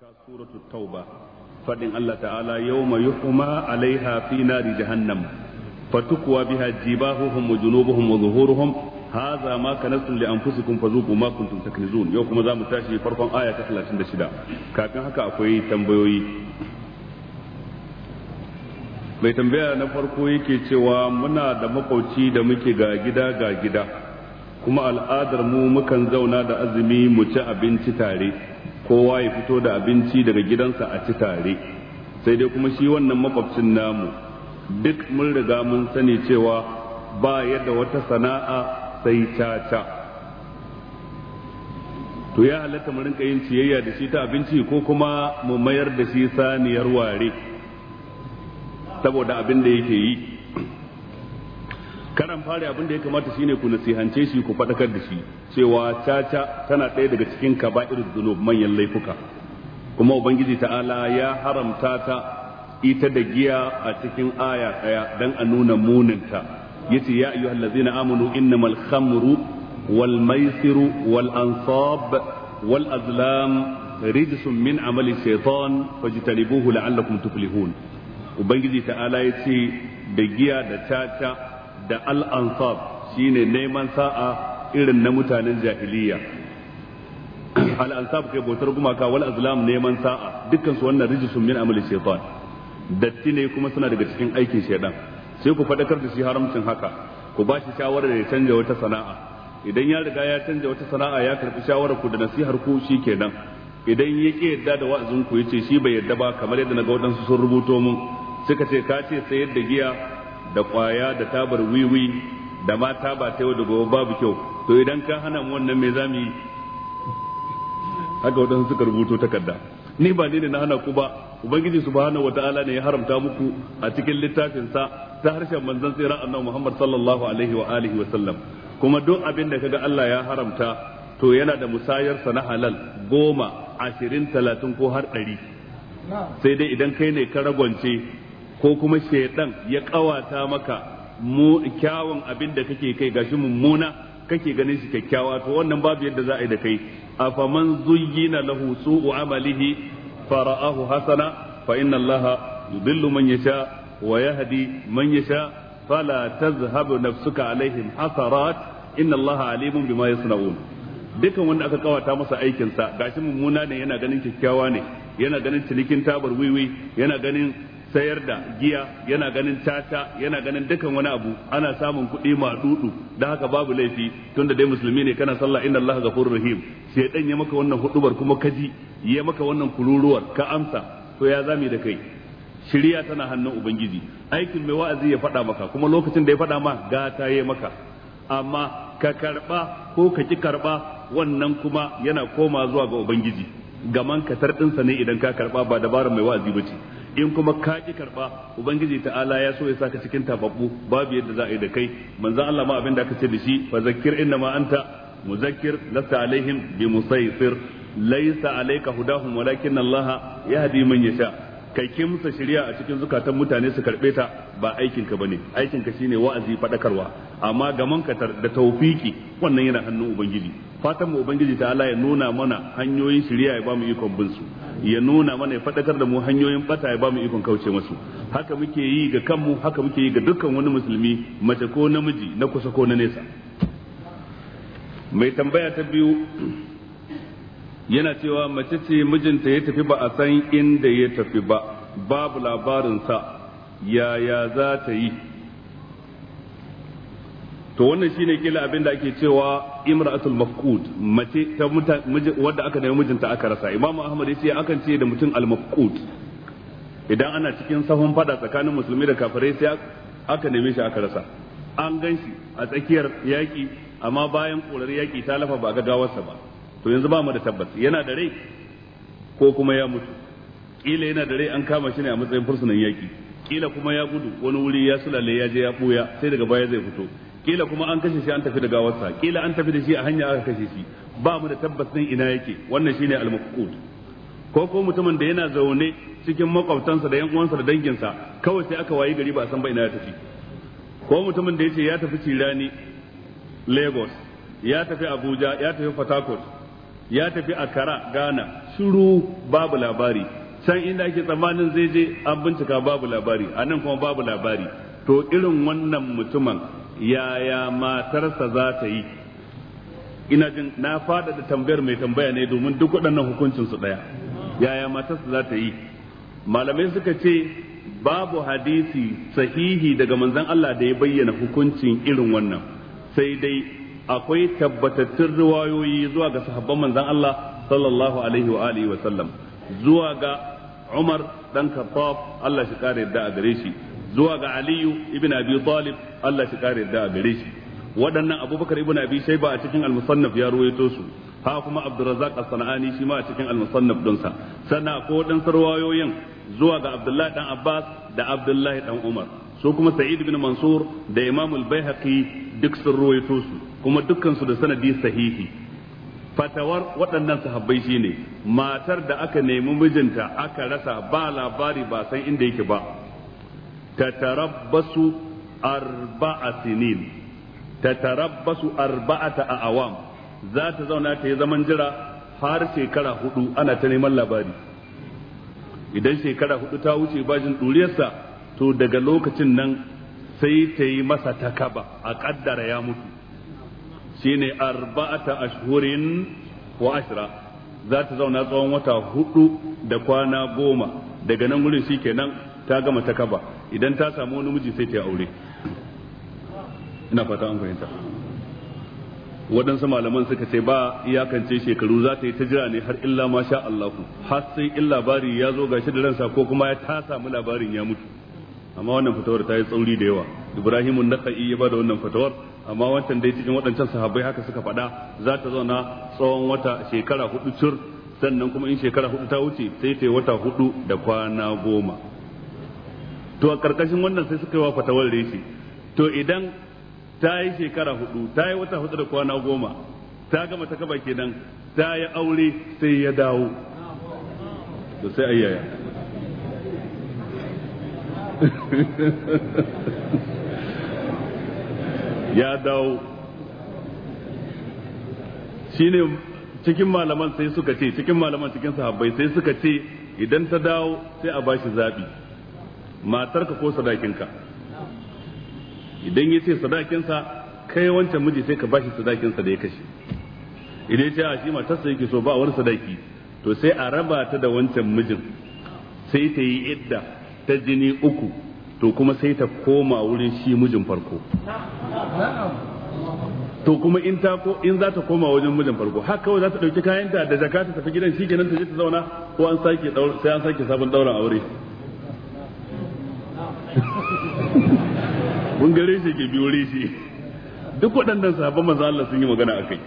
suratul tauba fadin Allah ta'ala yawma yuhma alaiha fi nari jahannam fatukwa biha jibahuhum wa junubuhum wa zuhuruhum hadha ma kanatum li anfusikum fazuqu ma kuntum taknizun yau kuma zamu tashi farkon aya ta 36 kafin haka akwai tambayoyi mai tambaya na farko yake cewa muna da makauci da muke ga gida ga gida kuma al'adar mu mukan zauna da azumi mu ci abinci tare kowa ya fito da abinci daga gidansa a ci tare sai dai kuma shi wannan makwabcin namu duk mun riga mun sani cewa ba yadda wata sana'a sai caca to ya halatta mu rinka yin ciyayya da shi ta abinci ko kuma mu mayar da shi saniyar ware saboda abin da yake yi karan fare abin da ya kamata shine ku nasihance shi ku fadakar da shi cewa caca tana ɗaya daga cikin kaba'ir zunub manyan laifuka kuma ubangiji ta'ala ya haramta ta ita da giya a cikin aya ɗaya dan a nuna muninta yace ya ayyuhallazina amanu innamal khamru wal maisiru wal ansab wal azlam rijsun min amali shaytan fajtanibuhu la'allakum tuflihun ubangiji ta'ala yace da giya da caca da al-ansab ne neman sa'a irin na mutanen jahiliya al-ansab kai bautar gumaka wal azlam neman sa'a dukansu wannan rijisun min amali shaytan datti ne kuma suna daga cikin aikin shaidan. sai ku faɗakar da shi haramcin haka ku ba shi shawarar ya canja wata sana'a idan ya riga ya canja wata sana'a ya karbi shawarar ku da nasihar ku kenan idan ya ki yadda da wa'azin ku yace shi bai yadda ba kamar yadda na ga wadansu sun rubuto mun suka ce ka ce sayar da giya da kwaya da tabar wiwi da ma taba ta yau da gobe babu kyau to idan ka hana mu wannan me za mu yi haka wadansu suka rubuto takarda ni ba ni ne na hana ku ba ubangiji subhanahu wataala ne ya haramta muku a cikin littafin sa ta harshen manzon tsira annabi Muhammad sallallahu alaihi wa alihi wa sallam kuma duk abin da kaga Allah ya haramta to yana da musayar sa na halal goma ashirin talatin ko har ɗari sai dai idan kai ne ka ragwance ko kuma shaidan ya kawata maka mu kyawun abin da kake kai gashi mummuna kake ganin shi kyakkyawa to wannan babu yadda za a yi da kai afaman zuyyina lahu su'u amalihi fara'ahu hasana fa inna allaha yudillu man yasha wa yahdi man yasha fala tazhabu nafsuka alaihim hasarat inna allaha alimun bima yasnaun dukan wanda aka kawata masa aikinsa gashi mummuna ne yana ganin kyakkyawa ne yana ganin cinikin tabar wiwi yana ganin sayar da giya yana ganin tata yana ganin dukan wani abu ana samun kuɗi ma dudu da haka babu laifi tunda dai musulmi ne kana sallah inna allaha ghafurur rahim sai dan ya maka wannan hudubar kuma kaji ya maka wannan kururuwar ka amsa to ya zame da kai Shirya tana hannun ubangiji aikin mai wa'azi ya faɗa maka kuma lokacin da ya faɗa ma ta yi maka amma ka karɓa ko ka ki karɓa wannan kuma yana koma zuwa ga ubangiji gaman katar ɗinsa ne idan ka karba ba dabarar mai wa'azi ba ce in kuma ka ki karba ubangiji ta'ala ya so ya saka cikin tababbu babu yadda za a yi da kai manzon Allah ma abin da aka ce da shi fa zakkir inna ma anta muzakkir lasta alaihim bi musaytir laysa alayka hudahum walakin Allah yahdi man yasha kai kimsa shari'a a cikin zukatan mutane su karbe ta ba aikin ka bane aikin ka shine wa'azi fadakarwa amma ga da tawfiki wannan yana hannun ubangiji fatan mu ubangiji ta Allah ya nuna mana hanyoyin shari'a ya bamu ikon bin su ya nuna mana ya fadakar da mu hanyoyin bata ya bamu ikon kauce masu haka muke yi ga kanmu haka muke yi ga dukkan wani musulmi mace ko namiji na kusa ko na nesa mai tambaya ta biyu yana cewa mace ce mijinta ya tafi ba a san inda ya tafi ba babu labarin sa yaya za ta yi to wannan shine kila abin da ake cewa imra'atul mafqud mace ta wadda aka nemi mijinta aka rasa imam ahmad yace akan ce da mutum al mafqud idan ana cikin sahun fada tsakanin musulmi da kafirai sai aka neme shi aka rasa an gan shi a tsakiyar yaki amma bayan korar yaki ta lafa ba ga gawarsa ba to yanzu ba mu da tabbas yana da rai ko kuma ya mutu kila yana da rai an kama shi ne a matsayin fursunan yaki kila kuma ya gudu wani wuri ya sulale ya je ya buya sai daga baya zai fito kila kuma an kashe shi an tafi da gawarsa kila an tafi da shi a hanya aka kashe shi ba mu da tabbas din ina yake wannan shine al-mafqud ko ko mutumin da yana zaune cikin makwabtansa da yan uwansa da danginsa kawai sai aka wayi gari ba san ba ina ya tafi ko mutumin da yace ya tafi Cirani Lagos ya tafi Abuja ya tafi Port ya tafi Accra Ghana shiru babu labari san inda ake tsammanin zai je an bincika babu labari anan kuma babu labari to irin wannan mutumin yaya matarsa za ta yi ina jin na faɗaɗa tambayar mai tambaya ne domin duk waɗannan hukuncin su ɗaya yaya matarsa za ta yi malamai suka ce babu hadisi sahihi daga manzon Allah da ya bayyana hukuncin irin wannan sai dai akwai tabbatattun riwayoyi zuwa ga sahabban manzon Allah sallallahu alaihi wa alihi wa sallam zuwa ga Umar dan Khattab Allah shi kare da a gare shi zuwa ga aliyu ibn abi talib Allah shi kare da gare shi waɗannan abubakar ibn abi shayba a cikin al-musannaf ya ruwaito su ha kuma abdurrazzaq as-sanani shi ma a cikin al-musannaf dinsa sannan ko dan sarwayoyin zuwa ga abdullahi dan abbas da abdullahi dan umar su kuma sa'id ibn mansur da imam al-baihaqi duk sun ruwaito su kuma dukkan su da sanadi sahihi fatawar waɗannan sahabbai shine matar da aka nemi mijinta aka rasa ba labari ba san inda yake ba tatarabbasu arba'a sinin tatarabbasu arba'ata a awam za ta zauna ta yi zaman jira har shekara hudu ana ta neman labari idan shekara hudu ta wuce bajin ɗuriyarsa to daga lokacin nan sai ta yi masa takaba a kaddara ya mutu shine arba'ata ashhurin wa ashra za ta zauna tsawon wata hudu da kwana goma daga nan wurin shikenan ta gama ta kaba idan ta samu wani miji sai ta yi aure ina fata an fahimta waɗansu malaman suka ce ba iyakance shekaru za ta yi ta jira ne har illa ma sha Allahu har sai in labari ya zo gashi da ransa ko kuma ya ta samu labarin ya mutu amma wannan fatawar ta yi tsauri da yawa Ibrahimun Nakhai ya da wannan fatawar amma wancan dai cikin waɗancan sahabbai haka suka faɗa za ta zauna tsawon wata shekara hudu cur sannan kuma in shekara hudu ta wuce sai ta yi wata hudu da kwana goma to a karkashin wannan sai suka yi wa fatawar reshe to idan ta yi shekara hudu ta yi wata hudu da kwana goma ta gama ta kaba kenan ta yi aure sai ya dawo to sai ayyaya ya dawo shi ne cikin malaman sai suka ce cikin malaman cikin sahabbai sai suka ce idan ta dawo sai a bashi zabi matarka ko sadakinka idan ya ce sadakinsa kai wancan miji sai ka bashi sadakinsa da ya kashe idan ya ce a shi matarsa yake so ba wani sadaki to sai a raba ta da wancan mijin sai ta yi idda ta jini uku to kuma sai ta koma wurin shi mijin farko to kuma in ta ko in za ta koma wajen mijin farko har kawai za ta dauki kayanta da jakata ta fi gidan shi kenan ta je ta zauna ko an sake sai an sake sabon dauran aure mun gare shi ke biyo reshe duk waɗannan sahabban manzo Allah sun yi magana a kai.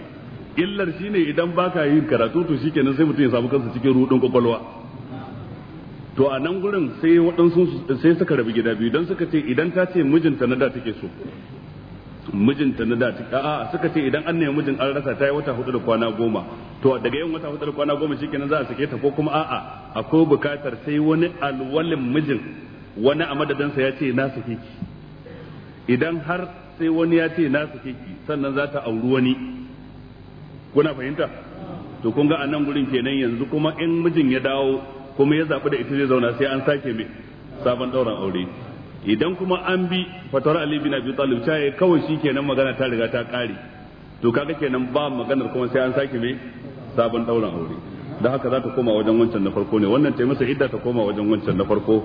illar shine idan baka yin karatu to shikenan sai mutum ya samu kansa cikin rudin kwakwalwa to a nan gurin sai waɗansu sai suka rabu gida biyu don suka ce idan ta ce mijinta na da take so mijinta na da a suka ce idan an nemi mijin an rasa ta yi wata hudu da kwana goma to daga yin wata hudu da kwana goma shikenan za a sake ta ko kuma a'a akwai bukatar sai wani alwalin mijin wani a madadinsa ya ce na sake ki idan har sai wani ya ce na sake ki sannan za ta auri wani kuna fahimta to kun ga anan nan gurin kenan yanzu kuma in mijin ya dawo kuma ya zaɓi da ita zai zauna sai an sake mai sabon ɗauran aure idan kuma an bi fatawar Ali bin Abi Talib ta yi kawai shi kenan magana ta riga ta ƙare to kaga kenan ba maganar kuma sai an sake mai sabon ɗauran aure da haka za ta koma wajen wancan na farko ne wannan ta masa idda ta koma wajen wancan na farko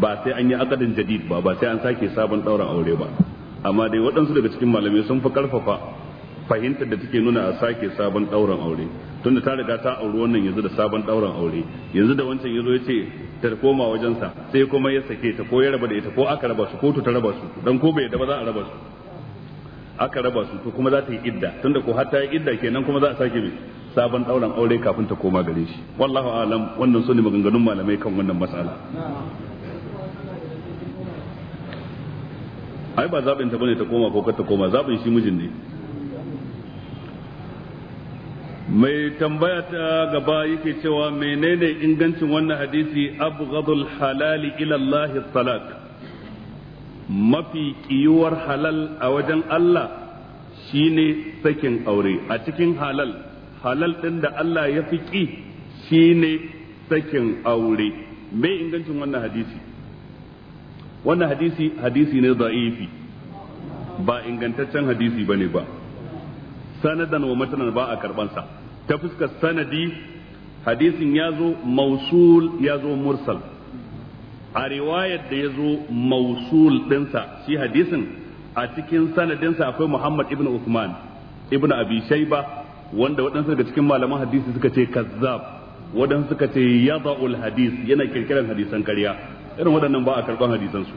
ba sai an yi akadin jadid ba ba sai an sake sabon ɗaurin aure ba amma dai waɗansu daga cikin malamai sun fi karfafa fahimtar da take nuna a sake sabon ɗaurin aure tunda ta riga ta auri wannan yanzu da sabon ɗaurin aure yanzu da wancan yazo ya ce ta koma wajensa sai kuma ya sake ta ko ya raba da ita ko aka raba su ko ta raba su dan ko bai da ba za a raba su aka raba su to kuma za ta yi idda tunda ko har ta yi idda kenan kuma za a sake mai sabon ɗaurin aure kafin ta koma gare shi wallahu alam wannan sune maganganun malamai kan wannan mas'ala ai ba zaɓin ta bane ta koma ko ta koma zaɓin shi mijin ne mai tambaya ta gaba yake cewa menene ingancin wannan hadisi gadul halali ilallahi salak mafi kiyuwar halal a wajen Allah shine sakin aure a cikin halal halal ɗin da Allah ya fi shi shine sakin aure mai ingancin wannan hadisi wannan hadisi hadisi ne da'ifi ba ingantaccen hadisi ba ne ba sanadan wa matanan ba a karbansa ta fuskar sanadi hadisin ya zo mausul ya zo mursal a riwayar da ya zo mausul dinsa shi hadisin a cikin sanadinsa akwai muhammad ibn usman ibn abi shaiba wanda waɗansu daga cikin malaman hadisi suka ce kazzab waɗansu suka ce yada'ul hadis yana kirkiran hadisan karya irin waɗannan ba a karban hadisansu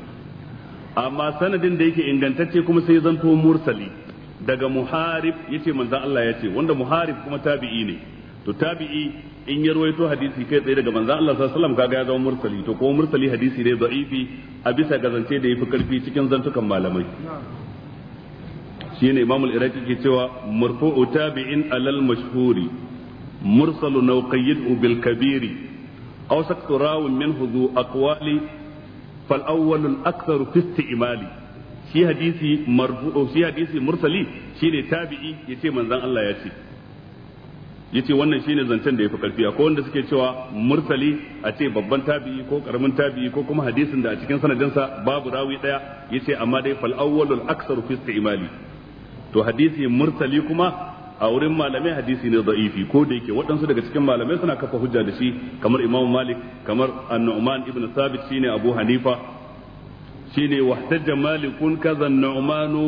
amma sanadin da yake ingantacce kuma sai zanto mursali daga muharib yace manzon Allah yace wanda muharib kuma tabi'i ne to tabi'i in ya rawaito hadisi kai tsaye daga manzon Allah sallallahu alaihi wasallam kaga ya zama mursali to ko mursali hadisi ne da'ifi a bisa ga zance da yafi karfi cikin zantukan malamai shine Imam al-Iraqi ke cewa marfu'u tabi'in alal mashhuri mursalu nawqayidu bil kabiri أو سكت راو منه ذو aqwali فالأول الأكثر في aktharu في حديث shi hadisi marfu shi hadisi mursali shine tabi'i yace manzon Allah ya yace wannan shine zancen da yafi karfi akwai wanda suke cewa mursali a ce babban tabi'i ko karamin tabi'i ko kuma hadisin da a cikin sanadinsa babu rawi daya yace amma dai fal awwalul aktsaru fi istimali to hadisi mursali kuma a wurin malamai hadisi ne za'ifi ko da yake waɗansu daga cikin malamai suna kafa hujja da shi kamar imam malik kamar annu'man numan ibn sabit shine abu hanifa shine wahtajja malikun kaza an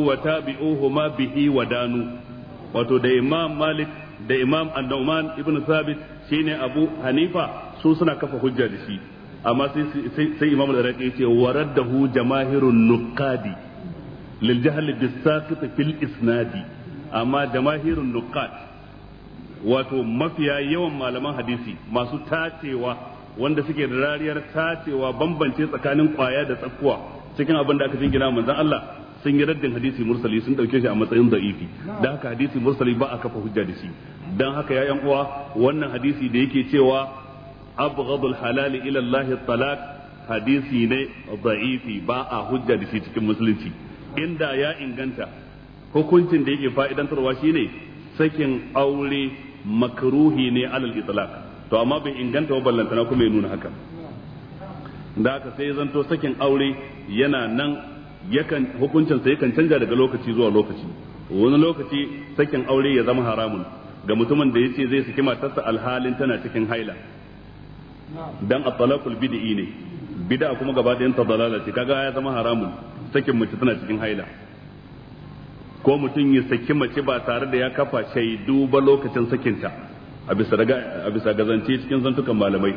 wa tabi'uhu ma bihi wa danu wato da imam malik da imam annu'man numan ibn sabit shine abu hanifa su suna kafa hujja da shi amma sai sai imam al-raqi yace waraddahu jamaahirun nuqadi lil jahl bis saqit fil isnadi amma jamahirun nukat wato mafiya yawan malaman hadisi masu tacewa wanda suke da rariyar tacewa bambance tsakanin kwaya da tsakkuwa cikin abin da aka jingina manzon Allah sun yi raddin hadisi mursali sun dauke shi a matsayin da'ifi dan haka hadisi mursali ba a kafa hujja da shi dan haka ya yan uwa wannan hadisi da yake cewa abghadul halali ila Allah talak hadisi ne za'ifi ba a hujja da shi cikin musulunci inda ya inganta hukuncin da yake fa'idantarwa ne sakin aure makruhi ne alal itlaq to amma bai inganta ba ballantana kuma ya nuna haka da haka sai zanto sakin aure yana nan yakan hukuncin sa yakan canja daga lokaci zuwa lokaci wani lokaci sakin aure ya zama haramun ga mutumin da yace zai saki matarsa alhalin tana cikin haila dan at-talaqul bid'i ne bid'a kuma gaba da yanta dalala ce kaga ya zama haramun sakin mace tana cikin haila ko mutum ya saki mace ba tare da ya kafa shaidu ba lokacin sakinta a bisa gazance cikin zantukan malamai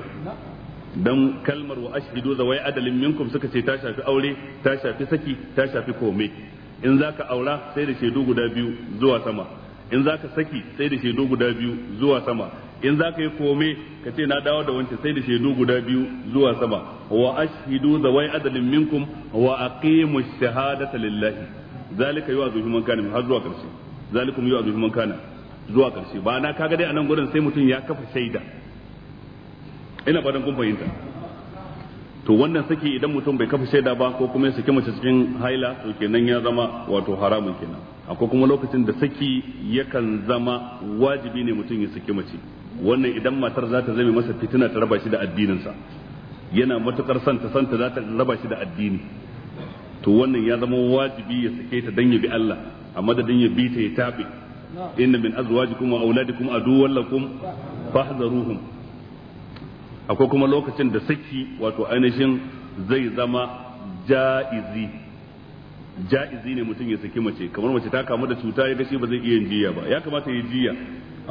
don kalmar wa ashhidu zawai adalin minkum suka ce ta shafi aure ta shafi saki ta shafi kome in za ka aura sai da shaidu guda biyu zuwa sama in za ka saki sai da shaidu guda biyu zuwa sama in ka yi kome ka ce na dawo da wancan sai da shaidu guda biyu zuwa sama wa ashhidu zawai adalin minkum wa aqimu shahadata lillahi zalika yu'azu bi man kana har zuwa karshe zalikum yu'azu bi man kana zuwa karshe ba na kaga dai a nan gurin sai mutum ya kafa shaida ina fatan kun fahimta to wannan saki idan mutum bai kafa shaida ba ko kuma ya saki mace cikin haila to kenan ya zama wato haramun kenan akwai kuma lokacin da saki yakan zama wajibi ne mutum ya saki mace wannan idan matar za ta zame masa fitina ta raba shi da addininsa yana matukar santa santa za ta raba shi da addini to wannan ya zama wajibi ya sake ta dan ya bi Allah a madadin ya bi ta ya tabe inna min azwajikum wa auladikum aduwwan lakum fahdharuhum akwai kuma lokacin da saki wato ainihin zai zama ja'izi ja'izi ne mutum ya saki mace kamar mace ta kamu da cuta ya ga shi ba zai iya jiya ba ya kamata ya jiya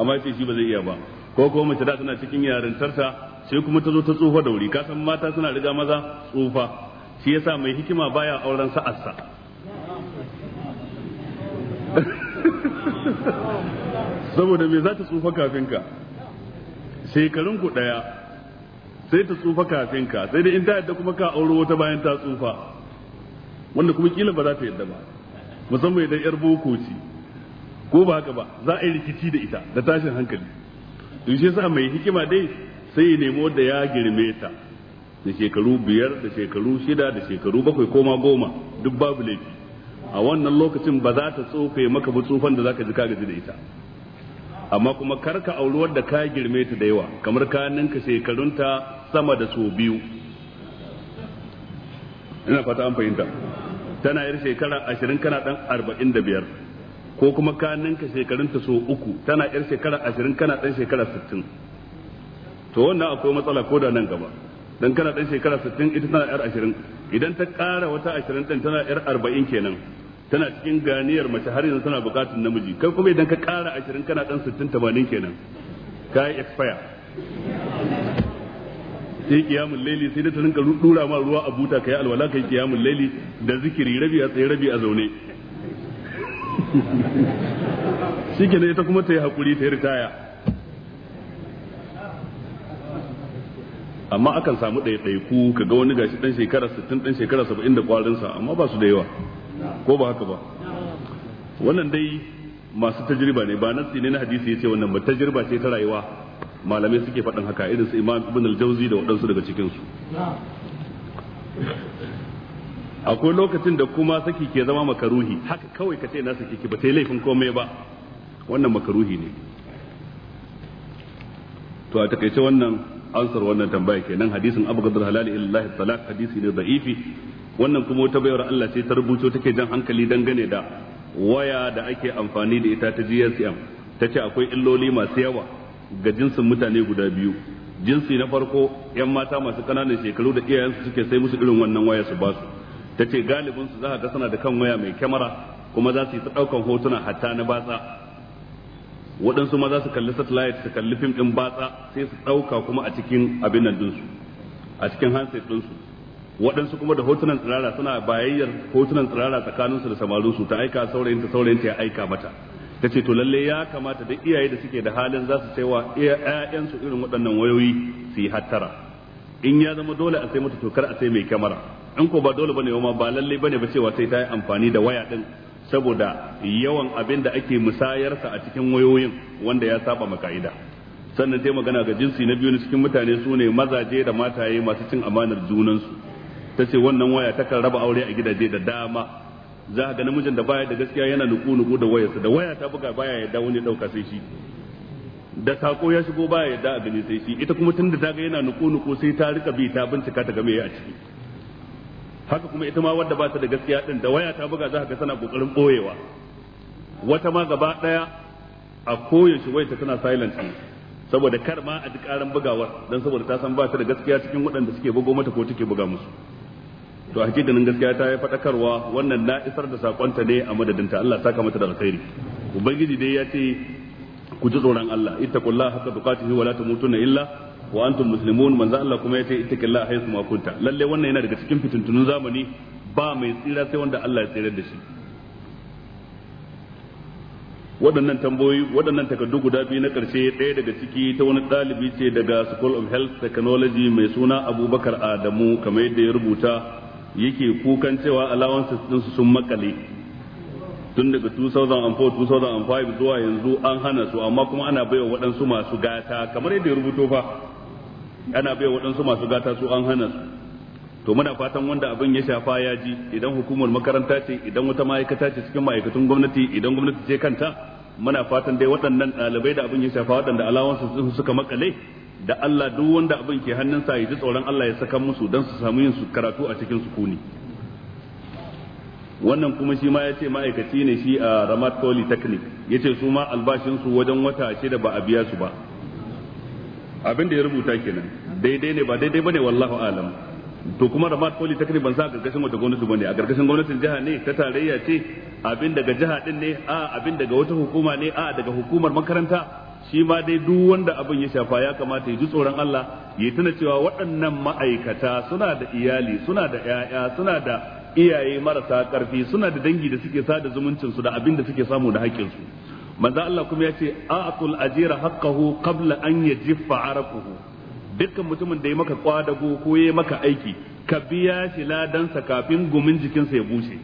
amma ya shi ba zai iya ba ko kuma mace da tana cikin yarintarta sai kuma ta zo ta tsufa da wuri ka san mata suna riga maza tsufa shi yasa mai hikima baya auren sa'arsa saboda me za ta tsufa kafin shekarun ku ɗaya sai ta tsufa kafin sai dai in ta yadda kuma ka auro wata bayan ta tsufa wanda kuma kila ba za ta yadda ba musamman idan yar boko ce ko ba haka ba za a yi rikici da ita da tashin hankali to shi mai hikima dai sai ya nemo da ya girme ta da shekaru biyar da shekaru shida da shekaru bakwai koma goma duk babu laifi a wannan lokacin ba za ta tsofe maka ba tsufan da zaka ji ka gaji da ita amma kuma kar ka auri wadda ka girme ta da yawa kamar ka ninka shekarunta sama da so biyu ina fata an fahimta tana yar shekara ashirin kana dan arba'in da biyar ko kuma ka ninka shekarunta so uku tana yar shekara ashirin kana dan shekara sittin to wannan akwai matsala ko da nan gaba dan kana dan shekara 60 ita tana yar 20 idan ta ƙara wata 20 din tana yar 40 kenan tana cikin ganiyar mace har yanzu tana bukatun namiji kai kuma idan ka ƙara 20 kana dan 60 80 kenan kai expire sai kiyamun laili sai ta rinka dura ma ruwa a buta kai alwala kai kiyamun laili da zikiri rabi a tsaye rabi a zaune shikenan ita kuma ta yi haƙuri ta yi ritaya amma akan samu ɗaiɗaiku ka ga wani gashi ɗan shekara 60 ɗan shekara 70 da kwarinsa amma ba su da yawa ko ba haka ba wannan dai masu tajriba ne ba na ne na hadisi ya ce wannan ba tajriba ce ta rayuwa malamai suke faɗin haka irin su imam ibn al-jawzi da waɗansu daga cikin su akwai lokacin da kuma saki ke zama makaruhi haka kawai ka ce na saki ki ba ta yi laifin komai ba wannan makaruhi ne to a takaice wannan ansar wannan tambaya kenan hadisin abu gadar halali illahi talak hadisi ne da'ifi wannan kuma wata bayar Allah ce ta rubuto take jan hankali dangane da waya da ake amfani da ita ta GSM ta ce akwai illoli masu yawa ga jinsin mutane guda biyu jinsi na farko yan mata masu kananan shekaru da iyayensu suke sai musu irin wannan waya su basu ta ce galibinsu za ka ga suna da kan waya mai kyamara kuma za su yi ta ɗaukan hotuna hatta na batsa waɗansu ma za su kalli satellite su kalli fim ɗin batsa sai su ɗauka kuma a cikin abin nan dinsu a cikin handset ɗinsu waɗansu kuma da hotunan tsirara suna bayayyar hotunan tsirara tsakaninsu da su ta aika saurayin ta saurayin ta ya aika mata ta ce to lalle ya kamata da iyaye da suke da halin za su ce wa ƴaƴansu irin waɗannan wayoyi su yi hattara in ya zama dole a sai mata tokar a sai mai kyamara in ko ba dole bane ma ba lalle bane ba cewa sai ta yi amfani da waya ɗin saboda yawan abin da ake musayarsa a cikin wayoyin wanda ya saba maka'ida sannan dai magana ga jinsi na biyu ne cikin mutane su ne mazaje da mataye masu cin amanar junansu ta ce wannan waya takan raba aure a gidaje da dama za ga namijin da baya da gaskiya yana nuku-nuku da wayarsa da waya ta buga baya ya dawo ne dauka sai shi da sako ya shigo baya ya da gani sai shi ita kuma tunda ta ga yana nuku-nuku sai ta rika bi ta bincika ta ga me a ciki haka kuma ita ma wanda ba ta da gaskiya din da waya ta buga za ka tana kokarin boyewa wata ma gaba daya a koyaushe wai ta tana silent saboda kar ma a ji karan bugawar dan saboda ta san ba ta da gaskiya cikin waɗanda suke bugo mata ko take buga musu to a nan gaskiya ta yi fadakarwa wannan na isar da sakonta ne a madadin ta Allah saka mata da alkhairi ubangiji dai ya ce ku ji tsoron Allah ittaqullaha haqqa tuqatihi wa la tamutunna illa wa antum muslimun manzo Allah kuma yace ittaqillaha haythu ma kunta lalle wannan yana daga cikin fitintunun zamani ba mai tsira sai wanda Allah ya tsirar da shi waɗannan tambayoyi waɗannan takardu guda biyu na ƙarshe ɗaya daga ciki ta wani ɗalibi ce daga School of Health Technology mai suna Abubakar Adamu kamar yadda ya rubuta yake kukan cewa allowances ɗinsu sun makale tun daga 2004-2005 zuwa yanzu an hana su amma kuma ana baiwa waɗansu masu gata kamar yadda ya rubuto fa ana bai waɗansu masu gata su an hana su to muna fatan wanda abin ya shafa ya ji idan hukumar makaranta ce idan wata ma'aikata ce cikin ma'aikatun gwamnati idan gwamnati ce kanta muna fatan dai waɗannan ɗalibai da abin ya shafa waɗanda alawansu suka makale da Allah duk wanda abin ke hannunsa ya ji tsoron Allah ya saka musu don su samu yin su karatu a cikin sukuni wannan kuma shi ma ya ce ma'aikaci ne shi a Ramat Polytechnic ya ce su ma albashinsu wajen wata shida ba a biya su ba abin da ya rubuta kenan daidai ne ba daidai bane wallahu alam to kuma da ramat polytechnic ban sa gargashin wata gwamnati bane a gargashin gwamnatin jiha ne ta tarayya ce abin daga jiha din ne a abin daga wata hukuma ne a daga hukumar makaranta shi ma dai duk wanda abin ya shafa ya kamata ya ji tsoron Allah ya tuna cewa waɗannan ma'aikata suna da iyali suna da ƴaƴa suna da iyaye marasa ƙarfi suna da dangi da suke sada zumuncin su da abin da suke samu da haƙƙin su manzo Allah kuma yace a'tul ajira haqqahu qabla an yajiffa araquhu dukkan mutumin da ya maka kwadago ko ya maka aiki ka biya shi ladansa kafin gumin jikinsa ya bushe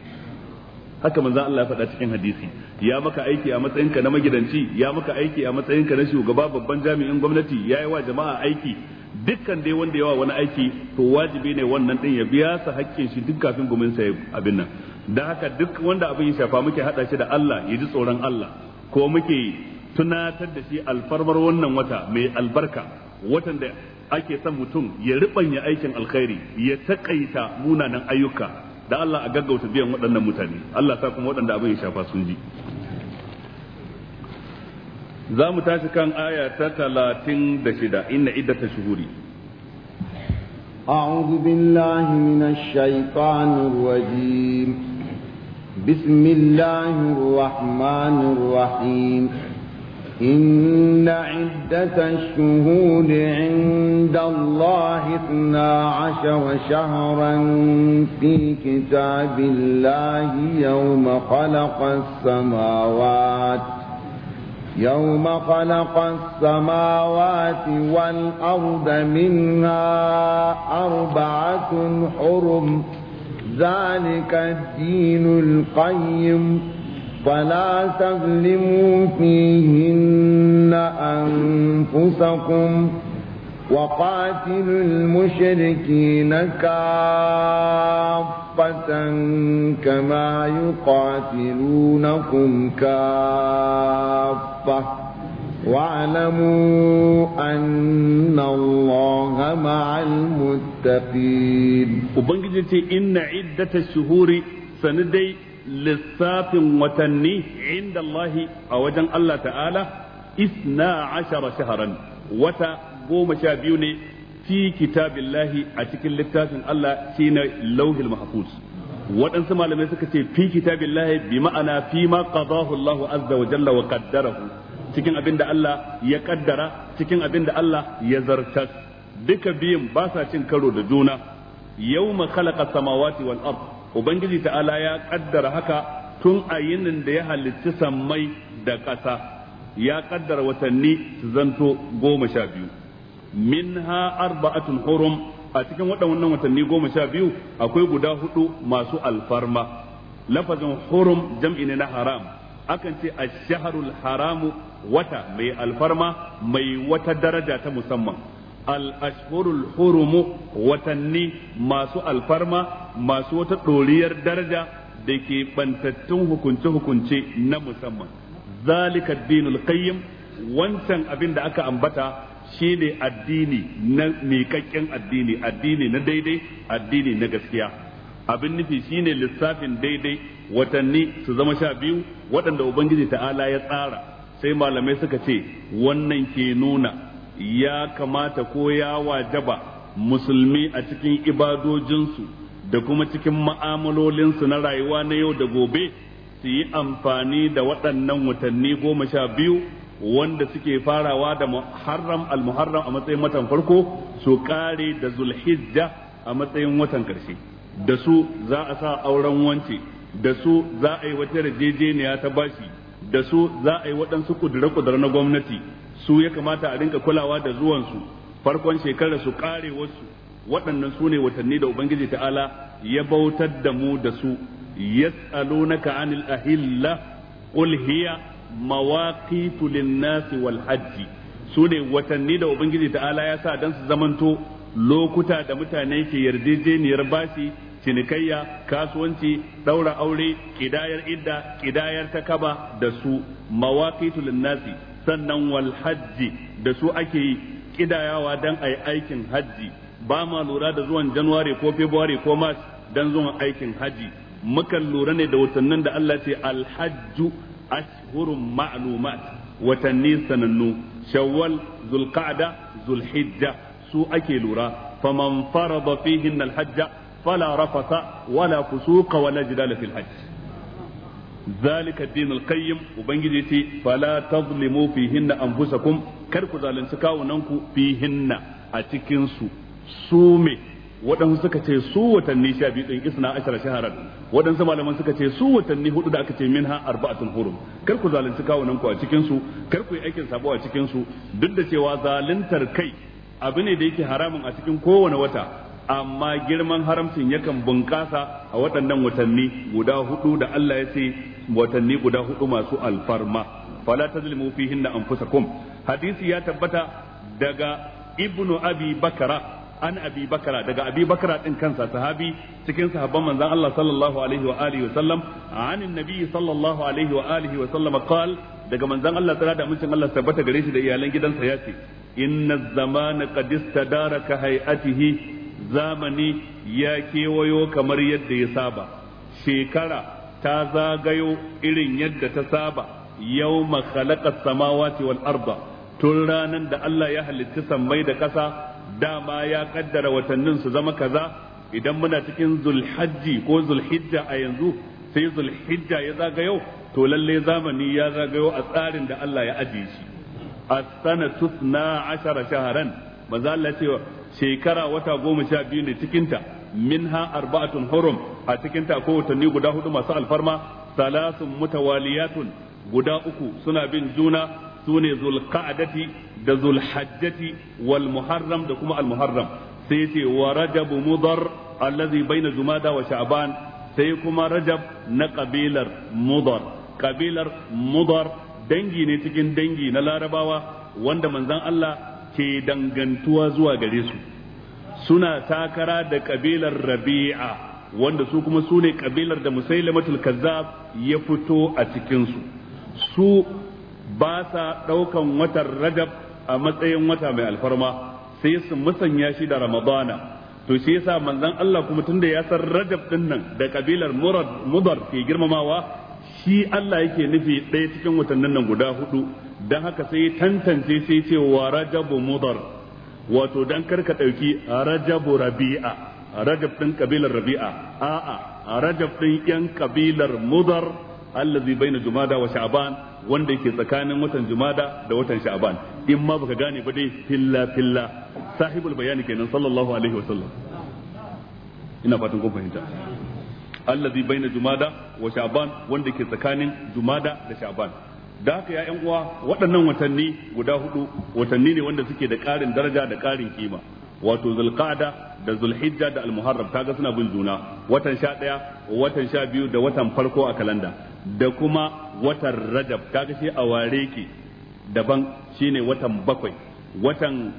haka manzo Allah ya faɗa cikin hadisi ya maka aiki a matsayinka na magidanci ya maka aiki a matsayinka na shugaba babban jami'in gwamnati ya yi wa jama'a aiki dukkan dai wanda yawa wani aiki to wajibi ne wannan din ya biya sa hakkin shi duk kafin gumin sa abin nan da haka duk wanda abin ya shafa muke hada shi da Allah ya ji tsoron Allah ko muke tunatar da shi alfarmar wannan wata mai albarka watan da ake son mutum ya ribanya aikin alkhairi ya taƙaita munanan ayyuka da Allah a gaggauta biyan waɗannan mutane Allah sa kuma waɗanda abin ya shafa sun ji za mu tashi kan aya ta talatin da shida inna iddata shuhuri أعوذ بالله من الشيطان الرجيم بسم الله الرحمن الرحيم إن عدة الشهور عند الله اثنا عشر شهرا في كتاب الله يوم خلق السماوات يوم خلق السماوات والأرض منها أربعة حرم ذلك الدين القيم فلا تظلموا فيهن أنفسكم وقاتلوا المشركين كافة كما يقاتلونكم كافة واعلموا أن الله مع المتقين وبنجد إن عدة الشهور سندي للساف وتني عند الله أوجن الله تعالى إثنا عشر شهرا وتا قوم شابيوني في كتاب الله أتكل للتاف الله سين لوه المحفوظ waɗansu malamai suka ce fi kitabillahi bi ma'ana fi ma qadahu Allahu azza wa jalla wa qaddarahu cikin abin da Allah ya kaddara cikin abin da Allah ya zartas duka biyun ba sa cin karo da juna yawma khalaqa samawati wal ard ubangiji ta'ala ya kaddara haka tun a da ya halicci sammai da ƙasa ya kaddara watanni su zanto goma sha biyu minha arba'atun hurum a cikin waɗannan watanni goma sha biyu akwai guda hudu masu alfarma lafazin hurum jam'i ne na haram akan ce a shaharul haramu wata mai alfarma mai wata daraja ta musamman al hurumu watanni masu alfarma masu wata ɗoriyar daraja da ke bantattun hukunce-hukunce na musamman zalika dinul qayyim wancan abin da aka ambata shine addini na miƙaƙƙen addini addini na daidai addini na gaskiya abin nufi shine lissafin daidai watanni su zama sha biyu waɗanda ubangiji ta'ala ya tsara sai malamai suka ce wannan ke nuna ya kamata ko ya wajaba musulmi a cikin ibadojinsu da kuma cikin ma'amalolinsu na rayuwa na yau da gobe su yi amfani da waɗannan watanni goma sha biyu wanda suke farawa da muharram al-muharram a matsayin watan farko su kare da zulhijja a matsayin watan ƙarshe da su za a sa auren wance da su za a yi wata yarjejeniya ta bashi da su za a yi waɗansu kudura kudura na gwamnati su ya kamata a rinka kulawa da zuwansu farkon shekarar su kare wasu waɗannan su ne watanni da ubangiji ta'ala ya bautar da mu da su ya anil na ka'anil ahilla mawaqitu mawaƙitulin nasi wal su ne watanni da ubangiji ta'ala ya sa dan su zamanto lokuta da mutane ke yarjejeniyar bashi cinikayya kasuwanci daura aure kidayar idda kidayar takaba da su mawaqitul nasi sannan wal hajji da su ake yi kidayawa dan ai aikin hajji ba ma lura da zuwan january ko february ko march dan zuwan aikin hajji mukan lura ne da watannin da Allah ce al hajju ashhurun ma'lumat watanni sanannu shawwal zulqa'da zulhijja su ake lura faman farada fihin al hajja فلا رفث ولا فسوق ولا جدال في الحج ذلك الدين القيم وبنجيتي فلا تظلموا فيهن أنفسكم كركو ذالن سكاو ننكو فيهن أتكنسو سومي waɗansu suka ce su watanni sha biyu din isna ashara shaharar wadansu malaman suka ce su watanni hudu da aka ce minha arba'atun hurum kar ku zalunci kawunan ku a cikin su kar ku yi aikin sabo a cikin su duk da cewa zaluntar kai abu ne da yake haramun a cikin kowane wata amma girman haramcin yakan bunƙasa a waɗannan watanni guda hudu da Allah ya ce watanni guda hudu masu alfarma fala tazlimu fihin da anfusakum hadisi ya tabbata daga ibnu abi bakara an abi bakara daga abi bakara din kansa sahabi cikin sahabban manzon Allah sallallahu alaihi wa alihi wa sallam an annabi sallallahu alaihi wa alihi wa sallam qal daga manzon Allah tsara da mutun Allah tabbata gare shi da iyalan gidansa ya ce inna zamana qad istadara ka hay'atihi zamani ya kewayo kamar yadda ya saba shekara ta zagayo irin yadda ta saba yau khalaqa samawati wal arda tun ranar da Allah ya halitta sammai da ƙasa dama ya ƙaddara watannin su zama kaza idan muna cikin zulhajji ko zulhijja a yanzu sai zulhijja ya zagayo to lalle zamani ya zagayo a tsarin da Allah ya ajiye shi A sana tusna ashara shaharan manzo Allah cewa shekara wata goma sha biyu ne cikinta minha arba'atun hurum a cikinta akwai watanni guda hudu masu alfarma salasun mutawaliyatun guda uku suna bin juna sune zulqa'dati da zulhajjati wal muharram da kuma al muharram sai ce wa rajab mudar allazi baina jumada wa sha'ban sai kuma rajab na kabilar mudar kabilar mudar dangi ne cikin dangi na larabawa wanda manzon Allah ke dangantuwa zuwa gare su suna takara da kabilar rabi'a wanda su kuma su ne kabilar da musailamatul kazzab ya fito a cikinsu su ba sa ɗaukan watan rajab a matsayin wata mai alfarma sai su musanya shi da ramadana to shi yasa manzon Allah kuma tunda ya san rajab din da kabilar murad mudar ke girmamawa shi Allah yake nufi ɗaya cikin watannin nan guda hudu don haka sai tantance sai ce wa rajabu mudar wato don karka ɗauki rajabu rabi'a rajab ɗin kabilar rabi'a a'a rajab ɗin yan kabilar mudar allazi baina jumada wa sha'ban wanda yake tsakanin watan jumada da watan sha'ban in ma baka gane ba dai filla filla sahibul bayani kenan sallallahu alaihi wa sallam, ina fatan kun fahimta allazi baina jumada wa sha'ban wanda ke tsakanin jumada da sha'ban da haka ya uwa waɗannan watanni guda hudu watanni ne wanda suke da ƙarin daraja da ƙarin kima wato zulqa'da da zulhijja da almuharram kaga suna bin juna watan sha ɗaya watan sha biyu da watan farko a kalanda da kuma watan rajab kaga shi a ware ke daban shine watan bakwai watan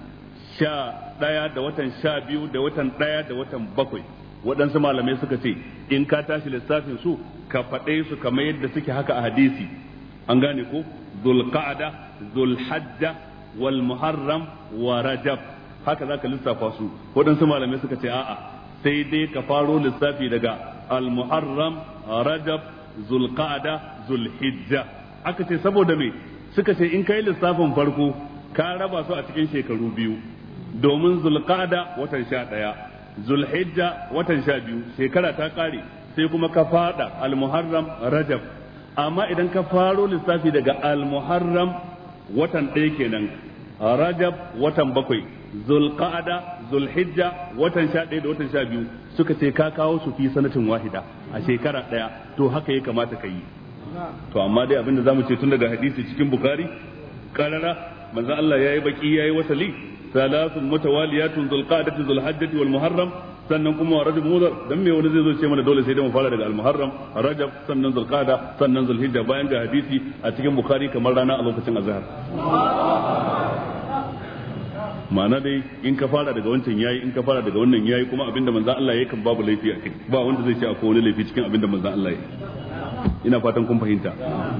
sha ɗaya da watan sha biyu da watan ɗaya da watan bakwai waɗansu malamai suka ce in ka tashi lissafin su ka faɗe su kamar yadda suke haka a hadisi an gane ko Zulkaada, zulhajja wal muharram wa rajab haka zaka lissafa su waɗansu malamai suka ce a'a sai dai ka faro lissafi daga al muharram rajab zulqa'da zulhijja aka ce saboda me suka ce in kai lissafin farko ka raba su a cikin shekaru biyu domin zulqa'da watan sha ɗaya zulhijja watan sha biyu shekara ta kare sai kuma ka fada almuharram rajab amma idan ka faro lissafi daga almuharram watan ɗaya kenan rajab watan bakwai zulqa'ada zulhijja watan sha ɗaya da watan sha biyu suka ce ka kawo su fi sanatin wahida a shekara ɗaya to haka ya kamata ka yi to amma dai abinda mu ce tun daga hadisi cikin bukari karara manzon Allah ya yi baki ya yi wasali salasun mutawaliyatun zulqa'dati zulhajjati wal muharram sannan kuma wa rajab mudar dan me wani zai zo ce mana dole sai dai mu fara daga al-muharram rajab sannan zulqa'da sannan zulhijja bayan ga hadisi a cikin bukhari kamar rana a lokacin azhar ma'ana dai in ka fara daga wancan yayi in ka fara daga wannan yayi kuma abinda manzon Allah yayi kan babu laifi a kai ba wanda zai ce akwai wani laifi cikin abinda manzon Allah ya yi. ina fatan kun fahimta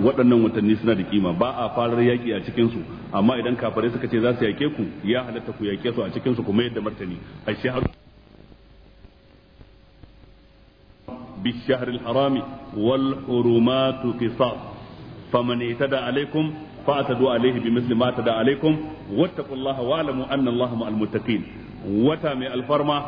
waɗannan watanni suna da kima ba a farar yaƙi a cikin su amma idan kafare suka ce za su yake ku ya halatta ku yake su a cikin su kuma yadda martani a shahar Bishshar-al-harami بالشهر الحرام والحرمات قصاص فمن اعتدى عليكم فاعتدوا عليه بمثل ما اعتدى عليكم واتقوا الله واعلموا ان الله مع المتقين wata mai alfarma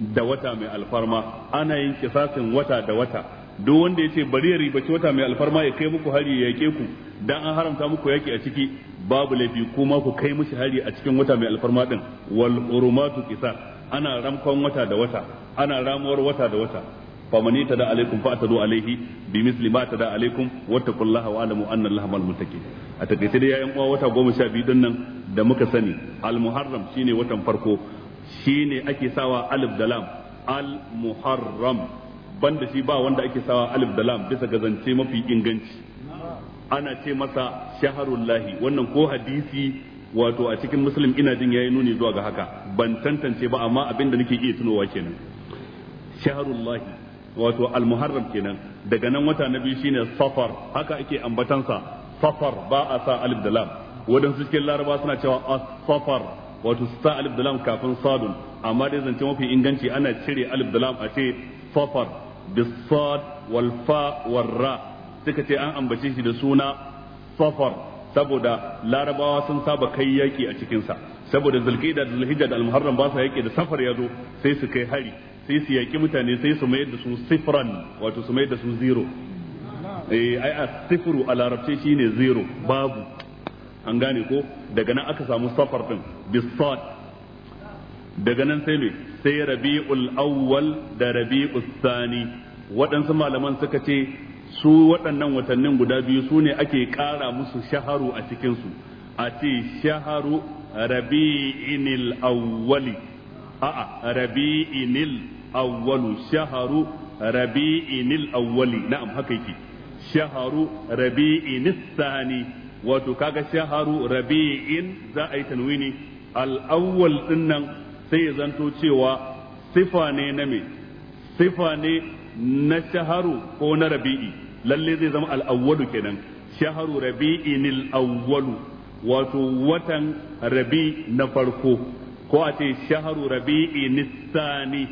da wata mai alfarma ana yin kisasin wata da wata duk wanda ya ce bari ya ribaci wata mai alfarma ya kai muku hari ya yake ku dan an haramta muku yaki a ciki babu laifi kuma ku kai mishi hari a cikin wata mai alfarma din wal urumatu ana ramkon wata da wata ana ramuwar wata da wata faman tada alaikum alaihi bi misli ma tada alaikum wattaqullaha wa alamu anna allaha mal muttaqin a takaice dai yayin uwa wata goma sha biyu din nan da muka sani al muharram shine watan farko shine ake sawa alif da lam al muharram Ban da shi ba wanda ake sawa alif da lam bisa ga zance mafi inganci ana ce masa shaharullahi wannan ko hadisi wato a cikin muslim ina jin yayi nuni zuwa ga haka ban tantance ba amma abinda nake iya tunowa kenan shaharullahi wato al-muharram kenan daga nan wata na biyu shine safar haka ake ambatansa safar ba a sa alif da lam wadansu cikin laraba suna cewa as-safar wato su sa alif da lam kafin sadun amma dai zance mafi inganci ana cire alif da lam a ce safar bisad wal fa wal ra suka ce an ambace shi da suna safar saboda larabawa sun saba kai yaki a cikin sa saboda zulqa'da da zulhijja da almuharram ba sa yaki da safar yazo sai su kai hari sai su yaki mutane sai su mayar da su sifran wato su mayar da su zero eh ai a sifru a larabce shine zero babu an gane ko daga nan aka samu safar din bisad daga nan sai ne sai rabi'ul awwal da rabi'ul sani waɗansu malaman suka ce su waɗannan watannin guda biyu su ne ake ƙara musu shaharu a cikinsu a ce shaharu rabi'inil awwali a'a rabi'inil awwalu shaharu rabi'inil awwali na'am haka yake shaharu rabi'inis sani wato kaga shaharu rabi'in za a yi tanwini al-awwal dinnan sai ya zanto cewa sifa ne na me sifa ne na shaharu ko na rabi'i lalle zai zama al'awwalu kenan shaharu rabi'in awwalu wato watan rabi na farko ko a ce shaharu rabi'i sani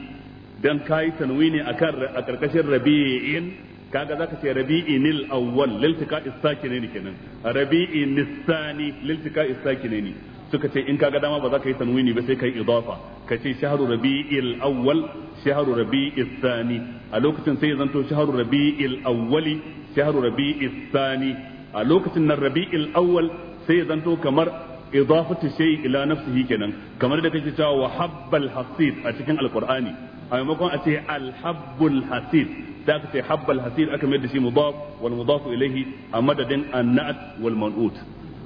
dan kai tanwini akan a karkashin rabi'in kaga zaka ce rabi'in al-awwal liltika isakinani kenan rabi'in sani liltika isakinani suka ce in kaga dama ba za ka yi tanwini ba sai ka yi idafa ka ce shahru rabi'il awwal shahru rabi'is thani a lokacin sai ya zanto shahru rabi'il awwali shahru rabi'is thani a lokacin nan rabi'il awwal sai ya zanto kamar idafatu shay ila nafsihi kenan kamar da kake cewa wa habbal hasid a cikin alqur'ani a maimakon a ce alhabbul hasid da ka ce habbal hasid aka mai da shi mudaf wal mudaf ilayhi a madadin annat wal man'ut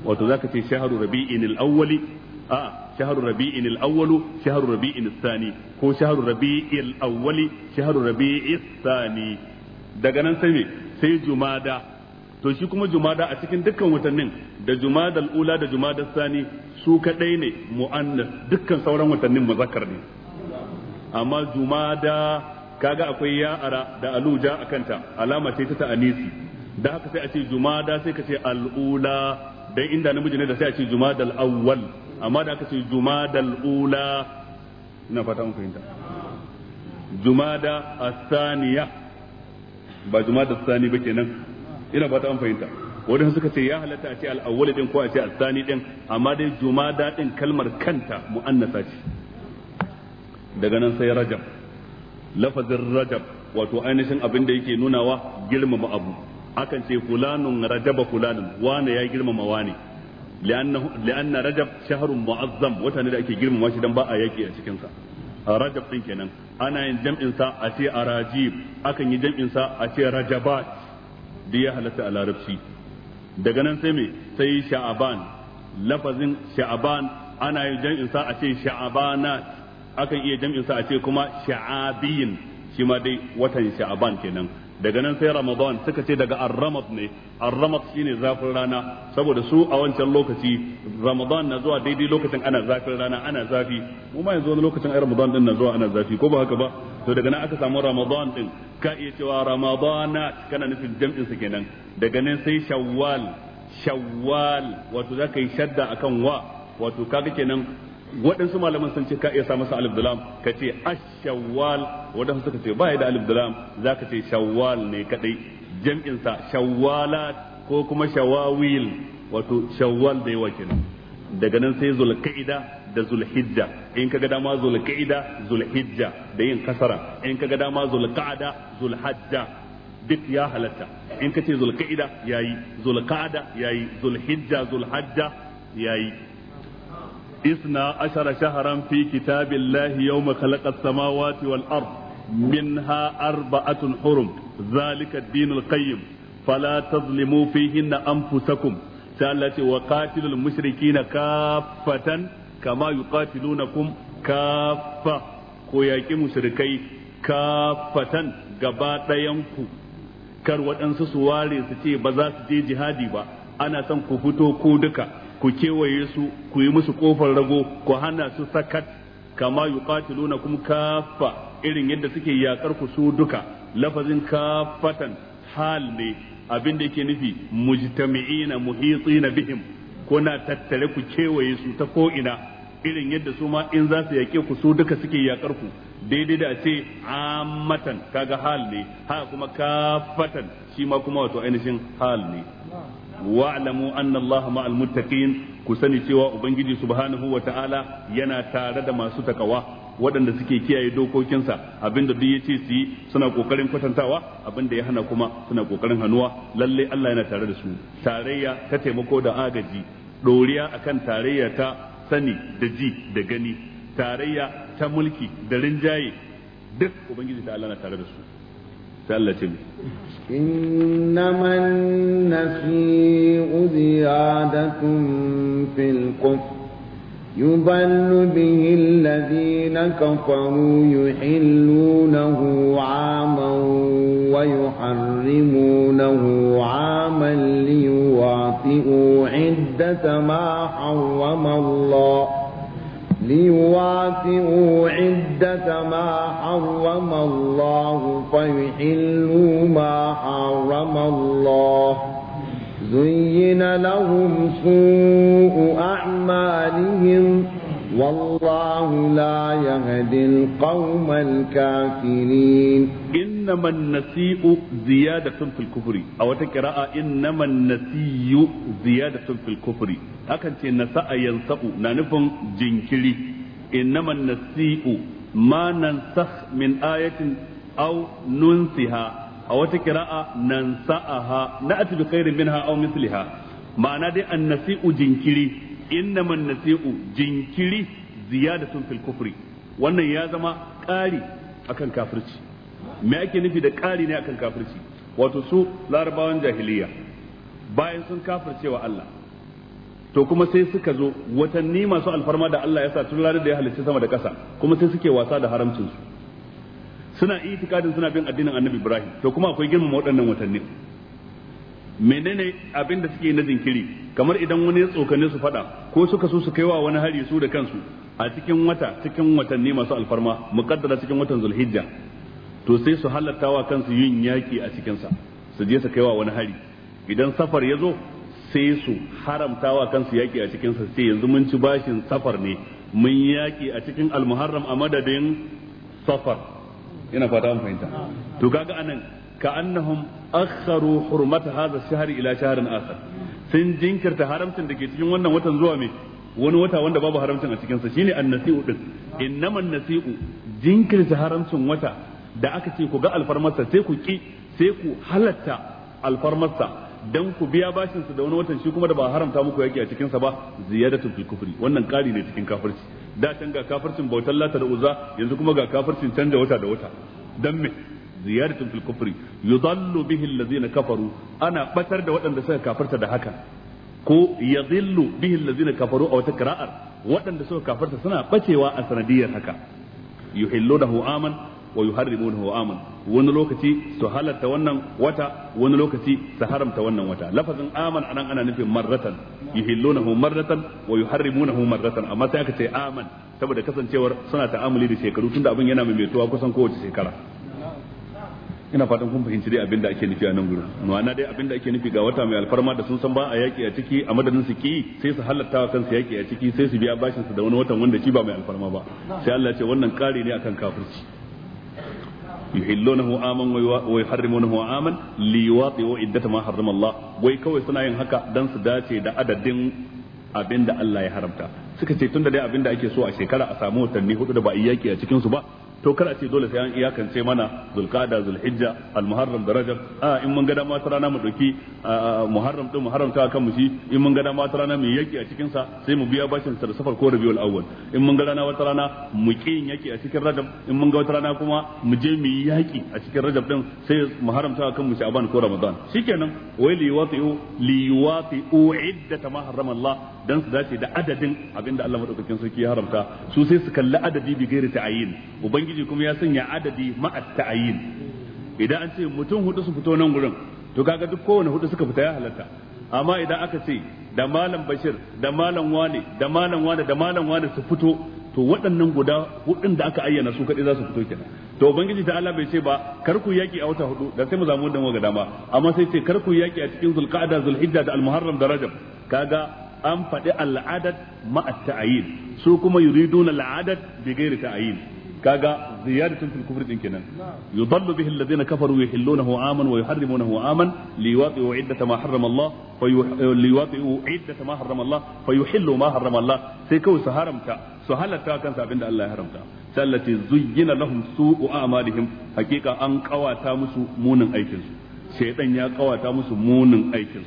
wato zaka ce shahru rabi'in al-awwali a shahru rabi'in al-awwalu shahru rabi'in al-thani ko shahru rabi'il awwali shahru rabi'is thani daga nan sai me sai jumada to shi kuma jumada a cikin dukkan watannin da jumadal ula da jumadal sani su kadai ne mu'annas dukkan sauran watannin muzakkar ne amma jumada kaga akwai ya'ara da aluja a kanta alama ce ta ta'anisi da haka sai a ce jumada sai ka ce al'ula dan inda namiji ne da sai a ce jumadal awwal amma da aka ce jumadal ula ina fata mun fahimta jumada asaniya ba jumada asani ba kenan ina fata an fahimta wadanda suka ce ya halatta a ce al-awwal din ko a ce asani din amma dai jumada din kalmar kanta mu'annasa ce daga nan sai rajab lafazin rajab wato ainihin abin da yake nunawa girmama abu akan ce fulanun rajaba fulanun wane ya girmama wane li'anna rajab shahrun mu'azzam wata ne da ake girmama shi dan ba a yaki a cikin sa rajab din kenan ana yin jam'in sa a ce arajib akan yi jam'in sa a ce rajabat da ya halatta a larabci daga nan sai me sai sha'aban lafazin sha'aban ana yin jam'in sa a ce sha'abanat akan iya jam'in sa a ce kuma sha'abiyin shi ma dai watan sha'aban kenan daga nan sai ramadan suka ce daga arramat ne arramat shine zafin rana saboda su a wancan lokaci ramadan na zuwa daidai lokacin ana zafin rana ana zafi mu ma yanzu wani lokacin ai ramadan din na zuwa ana zafi ko ba haka ba to daga nan aka samu ramadan din ka iya cewa ramadana kana nufin jam'in sa kenan daga nan sai shawwal shawwal wato zaka yi shadda akan wa wato kaga kenan waɗansu malaman sun ce ka iya sa masa alif da ka ce ash-shawwal waɗansu suka ce baya da alif dalam za zaka ce shawwal ne kadai jam'in sa shawwalat ko kuma shawawil wato shawwal da yawa kenan daga nan sai zulqa'ida da zulhijja in kaga dama zulqa'ida zulhijja da yin kasara in kaga dama zulqa'ada zulhajja duk ya halatta in kace zulqa'ida yayi zulqa'ada yayi zulhijja zulhajja yayi isna ashara shaharan fi kitabillahi yawma khalaqas samawati wal ard minha arba'atun hurum zalika ad-din al-qayyim fala tazlimu fihinna anfusakum sai Allah ce wa qatilul mushrikina kaffatan kama yuqatilunakum kaffa ko yaki mushrikai kaffatan gaba ɗayan ku kar waɗansu su ware su ce ba za su je jihadi ba ana son ku fito ko duka ku kewaye su ku yi musu kofar rago ku hana su sakat kama yuqatiluna kuma kafa irin yadda suke yakar ku su duka lafazin kafatan hal ne abin da yake nufi mujtami'ina na bihim kuna tattare ku kewaye su ta ko'ina irin yadda su ma in za su yake ku su duka suke yakar ku daidai da a ce ammatan kaga hal ne ha kuma kafatan shi ma kuma wato ainihin hal ne wa'lamu anna Allah ma'al muttaqin ku sani cewa ubangiji subhanahu wata'ala yana tare da masu takawa waɗanda suke kiyaye dokokinsa abinda duk yace su yi suna kokarin kwatantawa abinda ya hana kuma suna kokarin hanuwa lalle Allah yana tare da su tarayya ta taimako da agaji doriya akan tarayya ta sani da ji da gani tarayya ta mulki da rinjaye duk ubangiji ta Allah na tare da su سألت إنما النسيء زيادة في الكفر يضل به الذين كفروا يحلونه عاما ويحرمونه عاما ليواطئوا عدة ما حرم الله ليوافئوا عدة ما حرم الله فيحلوا ما حرم الله زين لهم سوء أعمالهم والله لا يهدي القوم الكافرين إنما النسيء زيادة في الكفر أو تقراء إنما النسيء زيادة في الكفر أكن نساء ينسأ نانفهم جنكلي إنما النسيء ما ننسخ من آية أو ننسها أو تقراء ننسأها نأتي بخير منها أو مثلها معنى دي النسيء جنكلي innaman nasi'u jinkiri ziyadatun fil kufri wannan ya zama ƙari akan kafirci me ake nufi da ƙari ne akan kafirci wato su larabawan jahiliya bayan sun kafircewa Allah to kuma sai suka zo watanni masu alfarma da Allah ya sa tun ranar da ya halicci sama da ƙasa kuma sai suke wasa da haramcin su suna itikadin suna bin addinin Annabi Ibrahim to kuma akwai girmama waɗannan watanni menene abin da suke na jinkiri kamar idan wani ya tsokane su fada ko suka so su kaiwa wani hari su da kansu a cikin wata cikin watanni masu alfarma muqaddara cikin watan zulhijja to sai su halatta wa kansu yin yaki a cikin sa su je su kaiwa wani hari idan safar ya zo sai su haramta wa kansu yaki a cikin sa sai yanzu mun ci bashin safar ne mun yaki a cikin almuharram a madadin safar ina fata mun fahimta to kaga anan كأنهم أخروا حرمة هذا الشهر إلى شهر آخر sun jinkirta haramcin da ke cikin wannan watan zuwa mai wani wata wanda babu haramcin a cikinsa shine annasi'u din innaman nasi'u jinkirta haramcin wata da aka ce ku ga alfarmarsa sai ku ki sai ku halatta alfarmarsa dan ku biya bashin sa da wani watan shi kuma da ba haramta muku yake a cikin sa ba ziyadatu fil kufri wannan kari ne cikin kafirci da can ga kafircin bautar lata da uzza yanzu kuma ga kafircin canja wata da wata dan me ziyaratun fil kufri yudallu bihi allazina kafaru ana batar da waɗanda suka kafarta da haka ko ya yadhillu bihi allazina kafaru a wata qira'ar waɗanda suka kafarta suna bacewa a sanadiyar haka yuhillunahu aman wa yi harri yuharrimunahu aman wani lokaci su halatta wannan wata wani lokaci su haramta wannan wata lafazin aman anan ana nufin marratan yuhillunahu marratan wa yi harri yuharrimunahu marratan amma sai aka ce aman saboda kasancewar suna ta'amuli da shekaru tunda abin yana mai metuwa kusan kowace shekara ina fatan kun fahimci dai abin da ake nufi a nan gurin ma'ana dai abin da ake nufi ga wata mai alfarma da sun san ba a yaki a ciki a madadin su ki sai su halatta wa kansu yaki a ciki sai su biya bashin su da wani watan wanda shi ba mai alfarma ba sai Allah ya ce wannan kare ne akan kafirci yuhillunahu aman wa yuharrimunahu aman wa iddat ma harrama Allah wai kawai suna yin haka dan su dace da adadin abin da Allah ya haramta suka ce tunda dai abin da ake so a shekara a samu watanni hudu da ba a yaki a cikin su ba to kar a ce dole sai an iyakan ce mana zulqa'da zulhijja almuharram da rajab a in mun gada dama ta rana mu dauki muharram din muharram ta kan mu shi in mun gada dama ta rana mu yaki a cikin sa sai mu biya bashin sa da safar ko rabiul awwal in mun gada rana wata rana mu ki yaki a cikin rajab in mun ga wata rana kuma mu je mu yi yaki a cikin rajab din sai muharram ta kan mu shi aban ko ramadan shikenan wai liwati'u liwati'u iddata ma harrama Allah dan su dace da adadin abinda Allah madaukakin sarki ya haramta su sai su kalli adadi bi gairi ta'ayin ubangi ubangiji kuma ya sanya adadi ma'at ta'ayin idan an ce mutum hudu su fito nan gurin to kaga duk kowane hudu suka fita ya halarta amma idan aka ce da malam bashir da malam wane da malam wane da malam wane su fito to waɗannan guda hudun da aka ayyana su kaɗai za su fito kenan to ubangiji ta Allah bai ce ba kar ku yaki a wata hudu da sai mu zamu dan ga dama amma sai ce kar ku yaki a cikin zulqa'da zulhijja da almuharram da rajab kaga an faɗi al'adad ma'a ta'ayin su kuma yuriduna al'adad bi ghairi ta'ayin Ka ga fil kufr din kenan yudallu bihi alladhina kafaru yuhillunahu aman wa yuharrimunahu aman liwaqi'u iddata ma harrama Allah fa liwaqi'u iddata ma harrama Allah fa yuhillu ma harrama sai kawai su haramta su halatta kansa abinda Allah ya haramta sallati zuyyina lahum su'u a'malihim hakika an kawata musu munin aikin su shaytan ya kawata musu munin aikin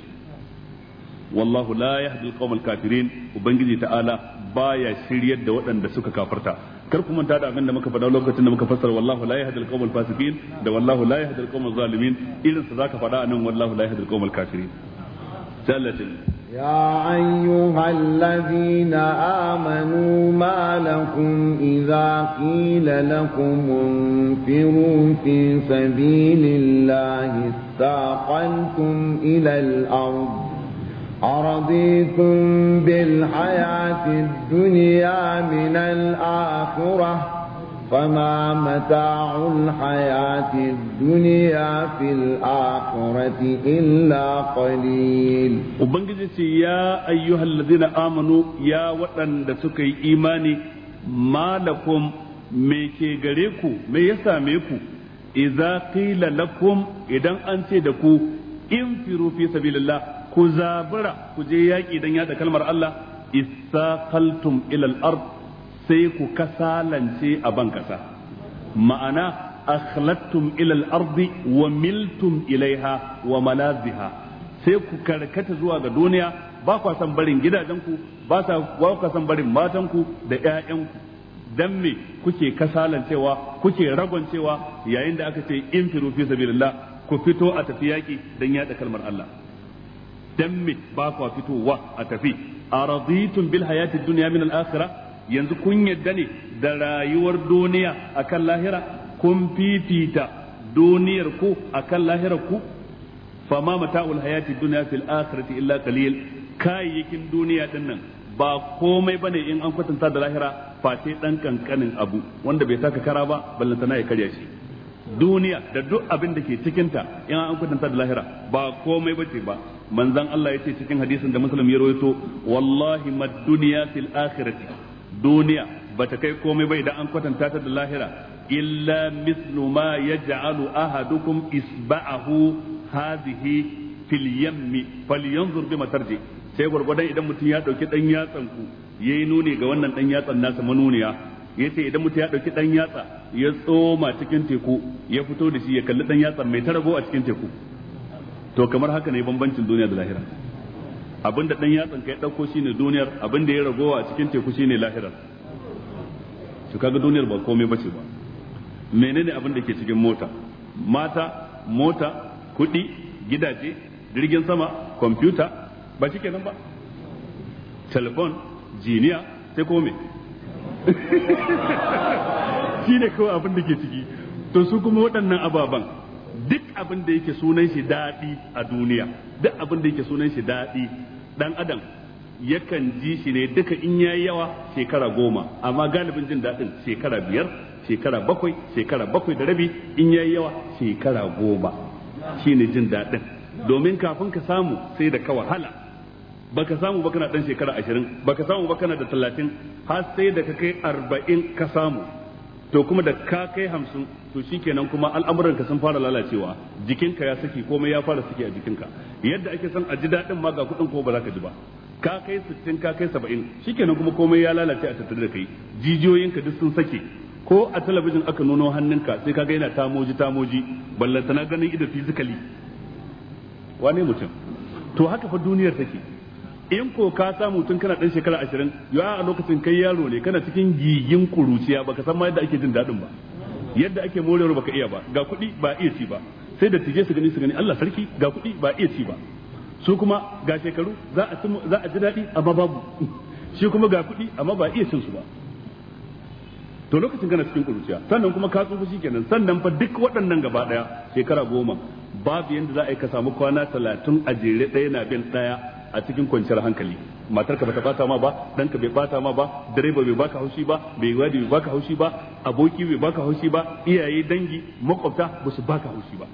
wallahu la yahdi kafirin ubangiji ta'ala baya shiryar da waɗanda suka kafarta kar ku manta da abin da muka faɗa lokacin da muka fassar wallahu la yahdil qawmal fasiqin da wallahu la yahdil qawmal zalimin irin sa zaka faɗa anan wallahu la yahdil qawmal kafirin sallatin ya يا أيها الذين آمنوا ما لكم إذا قيل لكم انفروا في سبيل الله استاقلتم إلى الأرض أرضيتم بالحياة الدنيا من الآخرة فما متاع الحياة الدنيا في الآخرة إلا قليل وبنجزت يا أيها الذين آمنوا يا وطن دسكي إيماني ما لكم ميكي غريكو ميسا ميكو إذا قيل لكم إذا أنت دكو انفروا في سبيل الله ku zabura ku je yaƙi dan yaɗa kalmar Allah istaqaltum ilal ard sai ku kasalance a ban kasa ma'ana akhlattum ilal ardi wa miltum ilaiha wa malaziha sai ku karkata zuwa ga duniya ba kwa san barin gidajenku ba sa kwa san barin matanku da ƴaƴanku dan me kuke kasalancewa kuke ragoncewa yayin da aka ce in firu fi sabilillah ku fito a tafi yaki dan yada kalmar Allah dan me ba kwa fitowa a tafi razitun bil hayati duniya min al akhirah yanzu kun yadda ne da rayuwar duniya akan lahira kun fifita duniyar ku akan lahirar ku fama mata'ul hayati duniya fil akhirati illa qalil kayayyakin duniya nan, ba komai bane in an kwatanta da lahira face dan kankanin abu wanda bai saka kara ba ballantana ya karya shi duniya da duk abin da ke cikinta in an kwatanta da lahira ba komai bace ba manzon Allah yace cikin hadisin da Muslim ya rawaito wallahi mad duniya fil akhirati duniya bata kai komai ba idan an kwatanta ta da lahira illa mithlu ma yaj'alu ahadukum isba'ahu hadhihi fil yammi falyanzur bima tarji sai gurgurdan idan mutum ya dauki dan yatsan ku yayi nuni ga wannan dan yatsan nasa manuniya Ya ce idan mutum ya ɗauki ɗan yatsa ya tsoma cikin teku ya fito da shi ya kalli ɗan yatsa mai tarago a cikin teku to kamar haka ne bambancin duniya da lahira da ɗan yatsan ka ya ɗauko shine duniyar da ya ragowa a cikin teku shine lahira to kaga duniyar ba komai bace ba menene abin da ke cikin mota mata mota kuɗi gidaje jirgin sama kwamfuta ba shi kenan ba telefon jiniya sai kome shi ne kawai abin da ke ciki to su kuma waɗannan ababen duk abin da yake sunan shi daɗi a duniya duk abin da yake sunan shi daɗi ɗan adam yakan ji shi ne duka in yayi yawa shekara goma amma galibin jin daɗin shekara biyar shekara bakwai shekara bakwai da rabi in yayi yawa shekara goma shine jin daɗin domin kafin ka samu sai da ka wahala baka samu ba kana dan shekara 20 baka samu ba kana da 30 har sai da ka kai 40 ka samu to kuma da ka kai 50 to shikenan kuma al'amuran ka sun fara lalacewa jikinka ya saki komai ya fara saki a jikinka yadda ake son a ji dadin ma ga kudin ko ba za ka ji ba ka kai 60 ka kai 70 shikenan kuma komai ya lalace a tattare da kai jijiyoyinka duk sun sake ko a talabijin aka nuno hannunka sai kaga yana tamoji tamoji ballantana ganin ido physically wane mutum to haka fa duniyar take in ko ka samu tun kana dan shekara ashirin ya a lokacin kai yaro ne kana cikin gigin kuruciya baka san ma yadda ake jin daɗin ba yadda ake morewar baka iya ba ga kuɗi ba iya ci ba sai da tije su gani su gani Allah sarki ga kuɗi ba iya ci ba su kuma ga shekaru za a za a ji daɗi amma babu shi kuma ga kuɗi amma ba iya cin su ba to lokacin kana cikin kuruciya sannan kuma ka tsufa kenan sannan fa duk waɗannan gaba ɗaya shekara goma babu yadda za a yi ka samu kwana talatin a jere ɗaya na bin ɗaya a cikin kwanciyar hankali matar ka bata bata ma ba dan ka bai bata ma ba direba bai baka haushi ba bai wadi bai baka haushi ba aboki bai baka haushi ba iyaye dangi makwabta ba su baka haushi ba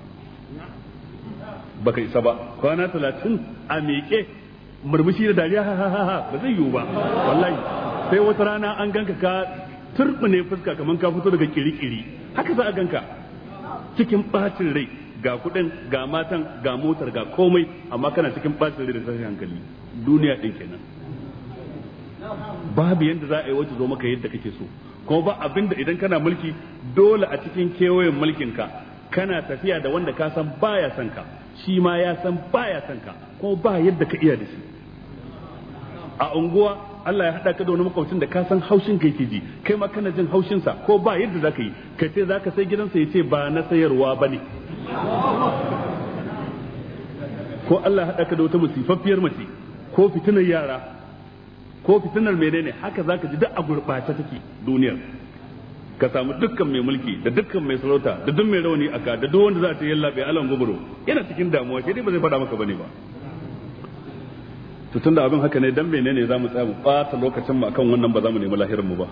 baka isa ba kwana talatin a miƙe murmushi da dariya ha ha ha ba zai yiwu ba wallahi sai wata rana an ganka ka turbine fuska kamar ka fito daga kirikiri haka za a ganka cikin bacin rai ga kuɗin ga matan ga motar ga komai amma kana cikin bacin da tashin hankali duniya ɗin kenan babu yadda za a yi wacce zo maka yadda kake so kuma ba abinda idan kana mulki dole a cikin kewayen mulkin ka kana tafiya da wanda ka san baya san ka shi ma ya san baya san ka ko ba yadda ka iya da shi a unguwa Allah ya haɗa ka da wani makwabcin da ka san haushin ka yake ji kai ma kana jin haushinsa ko ba yadda za ka yi ka ce za ka sai gidansa ya ce ba na sayarwa ba ne ko Allah haɗa ka da wata musifaffiyar mace ko fitinar yara ko fitinar menene haka zaka ji duk a gurɓata take duniyar ka samu dukkan mai mulki da dukkan mai sarauta da duk mai rauni aka da duk wanda za ta yalla bai alan gubro ina cikin damuwa sai dai ba zai faɗa maka bane ba to tunda abin haka ne dan menene zamu tsaya mu ɓata lokacin mu akan wannan ba za mu nemi lahirin mu ba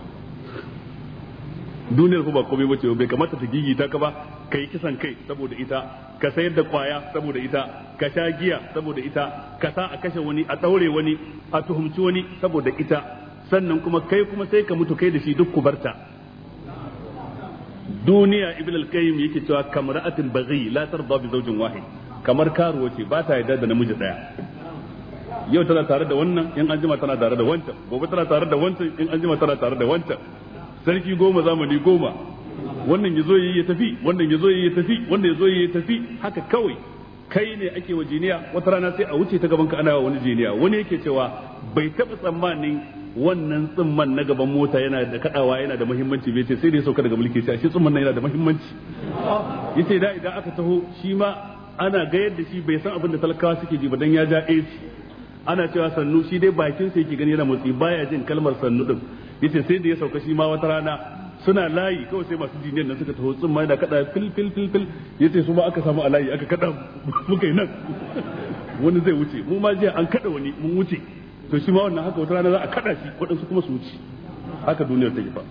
duniyar fa ba komai bace bai kamata ta gigita ka ba ka yi kisan kai saboda ita ka sayar da kwaya saboda ita ka sha giya saboda ita ka sa a kashe wani a daure wani a tuhumci wani saboda ita sannan kuma kai kuma sai ka mutu kai da shi duk kubarta duniya ibn al-qayyim yake cewa kamra'atin baghi la tarda bi zawjin wahid kamar karuwa ce ba ta yarda da namiji daya yau tana tare da wannan in an jima tana tare da wancan gobe tana tare da wancan in an jima tana tare da wancan sarki goma zamani goma wannan ya zo ya tafi wannan ya zo ya tafi wannan ya zo ya tafi haka kawai kai ne ake wa jiniya wata rana sai a wuce ta gaban ka ana wani jiniya wani yake cewa bai taba tsammanin wannan tsimman na gaban mota yana da kadawa yana da muhimmanci bai ce sai dai sauka daga mulki sai shi tsimman nan yana da muhimmanci yace da idan aka taho shi ma ana ga yadda shi bai san abin da talakawa suke ji ba dan ya ja AC ana cewa sannu shi dai bakin sa yake gani yana motsi baya jin kalmar sannu din yace sai da ya sauka shi ma wata rana suna layi kawai sai masu jiniyar nan suka taho ma yana kada fil fil fil fil yace su ma aka samu a layi aka kada muka yi nan wani zai wuce mu ma jiya an kada wani mun wuce to shi ma wannan haka wata rana za a kada shi waɗansu kuma su wuce haka duniyar ta fa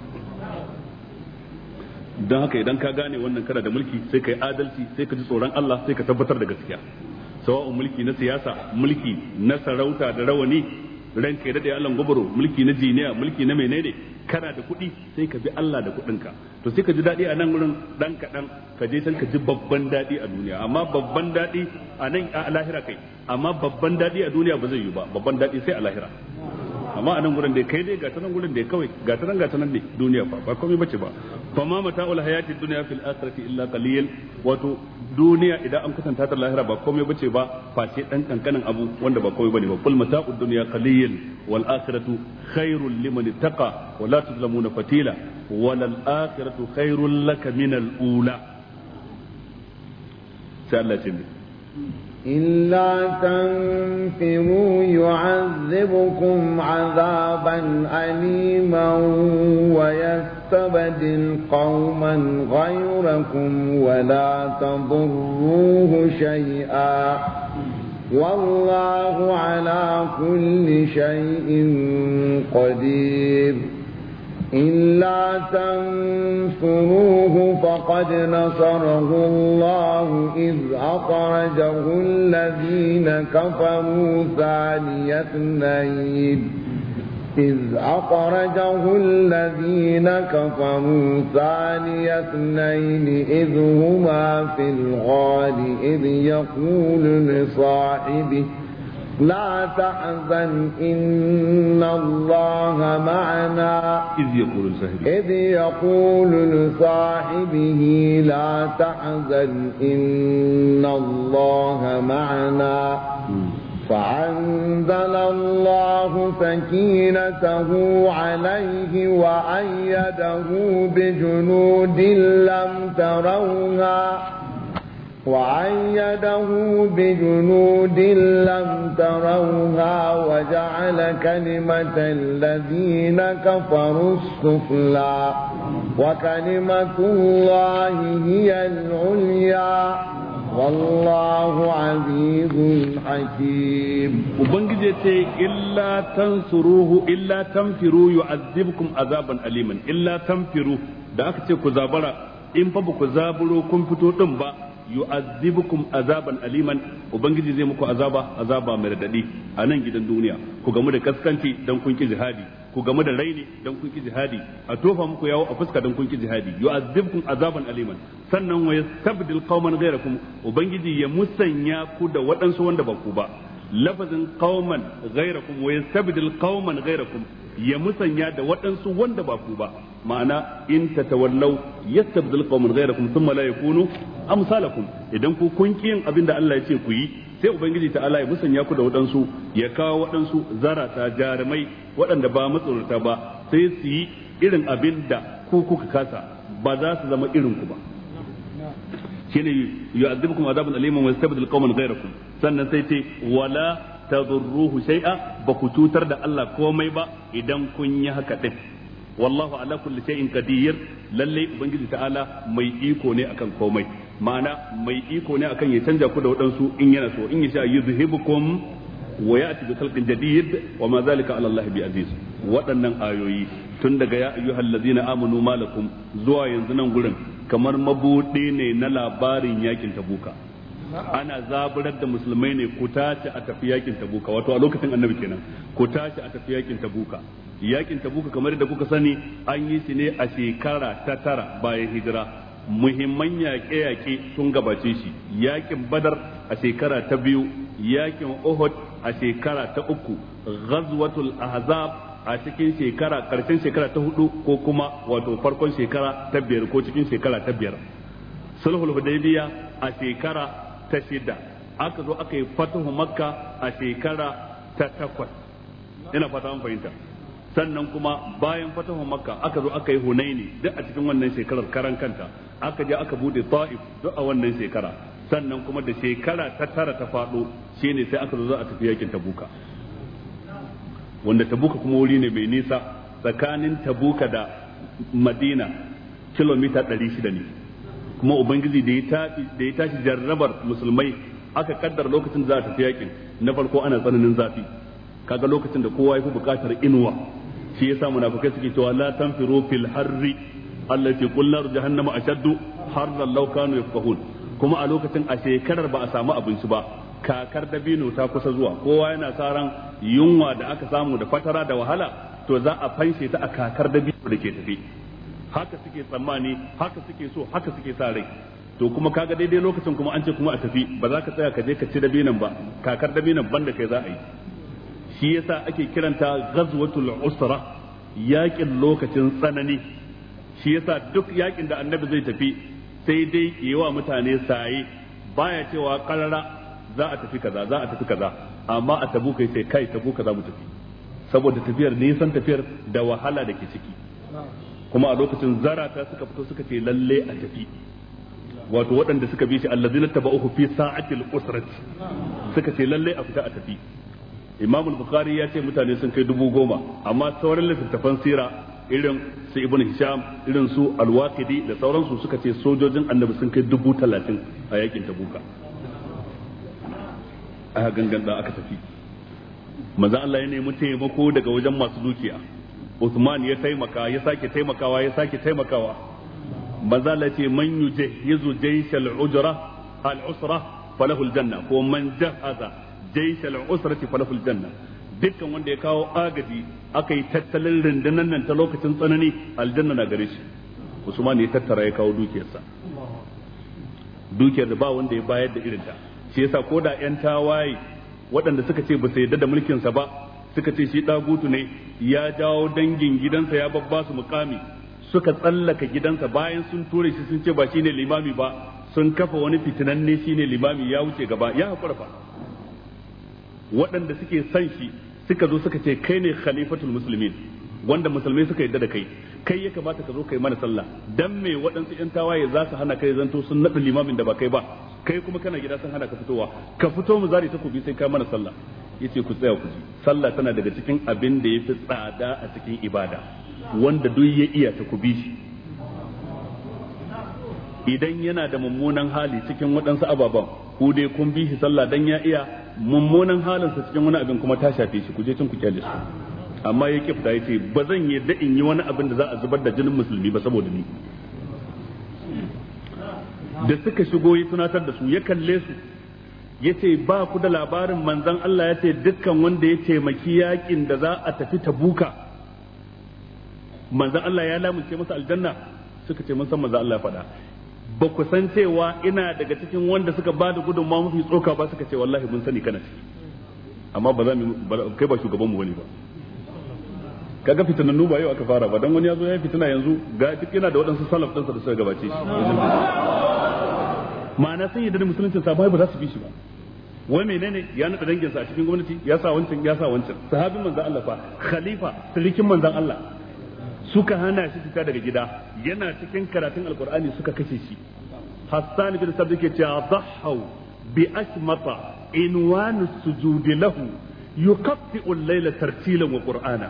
don haka idan ka gane wannan kana da mulki sai ka yi adalci sai ka ji tsoron Allah sai ka tabbatar da gaskiya sawa'un mulki na siyasa mulki na sarauta da rawani ranka da Allah gobaro mulki na jiniya mulki na menene kana da kuɗi sai ka bi Allah da kuɗinka to sai ka ji daɗi a nan wurin ɗan kaɗan ka je san ka ji babban daɗi a duniya amma babban daɗi a nan a lahira kai amma babban daɗi a duniya ba zai yi ba babban daɗi sai a lahira amma anan gurin dai kai dai gata nan gurin dai kawai gata nan gata nan ne duniya fa ba komai bace ba fa ma mata'ul hayati dunya fil akhirati illa qalil wato duniya idan an kusanta ta lahira ba komai bace ba face dan kankanin abu wanda ba komai bane ba kul mata'ud dunya qalil wal akhiratu khairul liman ittaqa wa la tuzlamuna fatila wal akhiratu khairul laka min al ula sai Allah ya إلا تنفروا يعذبكم عذابا أليما ويستبدل قوما غيركم ولا تضروه شيئا والله على كل شيء قدير إلا تنصروه فقد نصره الله إذ أخرجه الذين كفروا ثاني اثنين إذ أخرجه الذين كفروا ثاني اثنين إذ هما في الغال إذ يقول لصاحبه لا تحزن إن الله معنا إذ يقول لصاحبه إذ يقول لصاحبه لا تحزن إن الله معنا فأنزل الله سكينته عليه وأيده بجنود لم تروها وعيده بجنود لم تروها وجعل كلمة الذين كفروا السفلى وكلمة الله هي العليا والله عزيز حكيم وبنجي إلا تنصروه إلا تنفروا يعذبكم عذابا أليما إلا تنفروا da aka ce ku zabara in fa ba ku zaburo kun fito din ba yu'azzibukum azaban aliman ubangiji zai muku azaba azaba mai radadi a nan gidan duniya ku gamu da kaskanci dan kun ki jihadi ku gamu da raini dan kun ki jihadi a tofa muku yawo a fuska dan kun ki jihadi yu'azzibukum azaban aliman sannan wa yastabdil qauman ghayrakum ubangiji ya musanya ku da waɗansu wanda ba ku ba lafazin qauman ghayrakum wa yastabdil qauman ghayrakum ya musanya da waɗansu wanda ba ku ba ma'ana in tatawallaw yastabdil qauman ghayrakum thumma la yakunu amsalakum idan ku kun kiyin abinda Allah ya ce ku yi sai ubangiji ta ta'ala ya musanya ku da waɗansu ya kawo waɗansu zarata jarumai waɗanda ba matsurta ba sai su yi irin abinda ku kuka kasa ba za su zama irin ku ba shine yu'adhibukum adabun aliman wa yastabdil qauman ghayrakum sannan sai ce wala tadurruhu shay'a ba ku cutar da Allah komai ba idan kun yi haka din wallahu ala kulli shay'in qadir lallai ubangiji ta'ala mai iko ne akan komai ma'ana mai iko ne akan ya canja ku da wadansu in yana so in yasha yuzhibukum wa ya'ti bi khalqin jadid wa ma zalika ala bi aziz waɗannan ayoyi tun daga ya ayyuhal ladzina amanu malakum zuwa yanzu nan gurin kamar mabuɗe ne na labarin yakin tabuka ana zaburar da musulmai ne ku tashi a tafi yakin tabuka wato lokacin annabi kenan ku tashi a tafi yakin tabuka yakin tabuka kamar da kuka sani an yi shi ne a shekara ta tara bayan hijira muhimman yaƙe-yaƙe sun gabace shi yakin badar a shekara ta biyu yakin uhud a shekara ta uku ghazwatul ahzab a cikin shekara karshen shekara ta hudu ko kuma wato farkon shekara ta biyar ko cikin shekara ta biyar sulhul hudaybiya a shekara ta shida aka zo aka yi fatahu makka a shekara ta takwas ina fata an fahimta sannan kuma bayan fatahu makka aka zo aka yi hunaini duk a cikin wannan shekarar karan kanta aka je aka bude ta'if duk a wannan shekara sannan kuma da shekara ta tara ta faɗo shine sai aka zo za a tafi yakin tabuka wanda tabuka kuma wuri ne mai nisa tsakanin tabuka da madina kilomita 600 ne kuma ubangiji da ya tashi jarrabar musulmai aka kaddara lokacin da za a tafi yakin na farko ana tsananin zafi kaga lokacin da kowa ya fi bukatar inuwa shi yasa munafikai suke cewa la tanfiru fil harri allati qul jahannama ashaddu harran law kanu yafqahun kuma a lokacin a shekarar ba a samu abinci ba kakar dabino ta kusa zuwa kowa yana saran yunwa da aka samu da fatara da wahala to za a fanshe ta a kakar dabino da ke tafi haka suke tsammani haka suke so haka suke sa to kuma kaga daidai lokacin kuma an ce kuma a tafi ba za ka tsaya ka je ka ci dabinan ba kakar dabinan banda kai za a yi shi yasa ake kiranta ghazwatul usra yakin lokacin tsanani shi yasa duk yakin da annabi zai tafi sai dai yawa mutane saye baya cewa karara za a tafi kaza za a tafi kaza amma a tabu kai sai kai tabu kaza mu tafi saboda tafiyar nisan tafiyar da wahala da ke ciki kuma a lokacin zarata suka fito suka ce lalle a tafi wato waɗanda suka bi shi allazina taba'uhu fi sa'atil usrat suka ce lalle a fita a tafi imam al-bukhari ya ce mutane sun kai dubu goma amma sauran littattafan sira irin su ibn hisham irin su al-waqidi da sauransu suka ce sojojin annabi sun kai dubu talatin a yakin tabuka gangan da aka tafi manzo Allah ya nemi taimako daga wajen masu dukiya Uthman ya taimaka ya sake taimakawa ya sake taimakawa manzo Allah ce man yuje yazu jaishal ujra al usra falahu al janna ko man jahaza jaisal usrati falahul janna dukkan wanda ya kawo agadi aka tattalin rundunan nan ta lokacin tsanani aljanna na gare shi usman ya tattara ya kawo dukiyarsa dukiyar da ba wanda ya bayar da irinta shi yasa ko da yan tawaye waɗanda suka ce ba su yarda da sa ba suka ce shi dagutu ne ya jawo dangin gidansa ya babba su mukami suka tsallaka gidansa bayan sun ture shi sun ce ba shine limami ba sun kafa wani ne shine limami ya wuce gaba ya haƙura fa waɗanda suke san shi suka zo suka ce kai ne khalifatul muslimin wanda musulmai suka yadda da kai kai ya kamata ka zo kai mana sallah dan me waɗansu ƴan tawaye za su hana kai zanto sun naɗa limamin da ba kai ba kai kuma kana gida sun hana ka fitowa ka fito mu zari kubi sai ka mana sallah yace ku tsaya ku ji sallah tana daga cikin abin da yafi tsada a cikin ibada wanda duk ya iya ta kubi shi idan yana da mummunan hali cikin waɗansu ababen ku dai kun bi shi sallah dan ya iya mummunan halinsa cikin wani abin kuma ta shafe shi kuje cin ku kyale su amma ya kifta ya ce ba zan yi in yi wani abin da za a zubar da jinin musulmi ba saboda ni da suka shigo ya tunatar da su ya kalle su ya ce ba ku da labarin manzan Allah ya ce dukkan wanda ya taimaki yakin da za a tafi ta buka manzan Allah ya lamunce masa aljanna suka ce mun san manzan Allah ya faɗa ba ku san cewa ina daga cikin wanda suka ba da gudunmawa mafi tsoka ba suka ce wallahi mun sani kana ce amma ba za mu kai ba shugaban mu wani ba kaga fitanannu ba yau aka fara ba dan wani yazo yayin fitina yanzu ga duk yana da waɗansu salaf ɗinsa da suka gabace shi ma'ana sun yi da musulunci sabai ba za su bi shi ba wai menene ya naɗa danginsa a cikin gwamnati ya sa wancan ya sa wancan sahabin manzon Allah fa khalifa sirikin manzon Allah suka hana shi fita daga gida yana cikin karatun alkur'ani suka kashe shi hassan bin sabit ke cewa dhahaw bi ashmata inwan sujudi lahu yuqatti'u al-layla tartilan wa qur'ana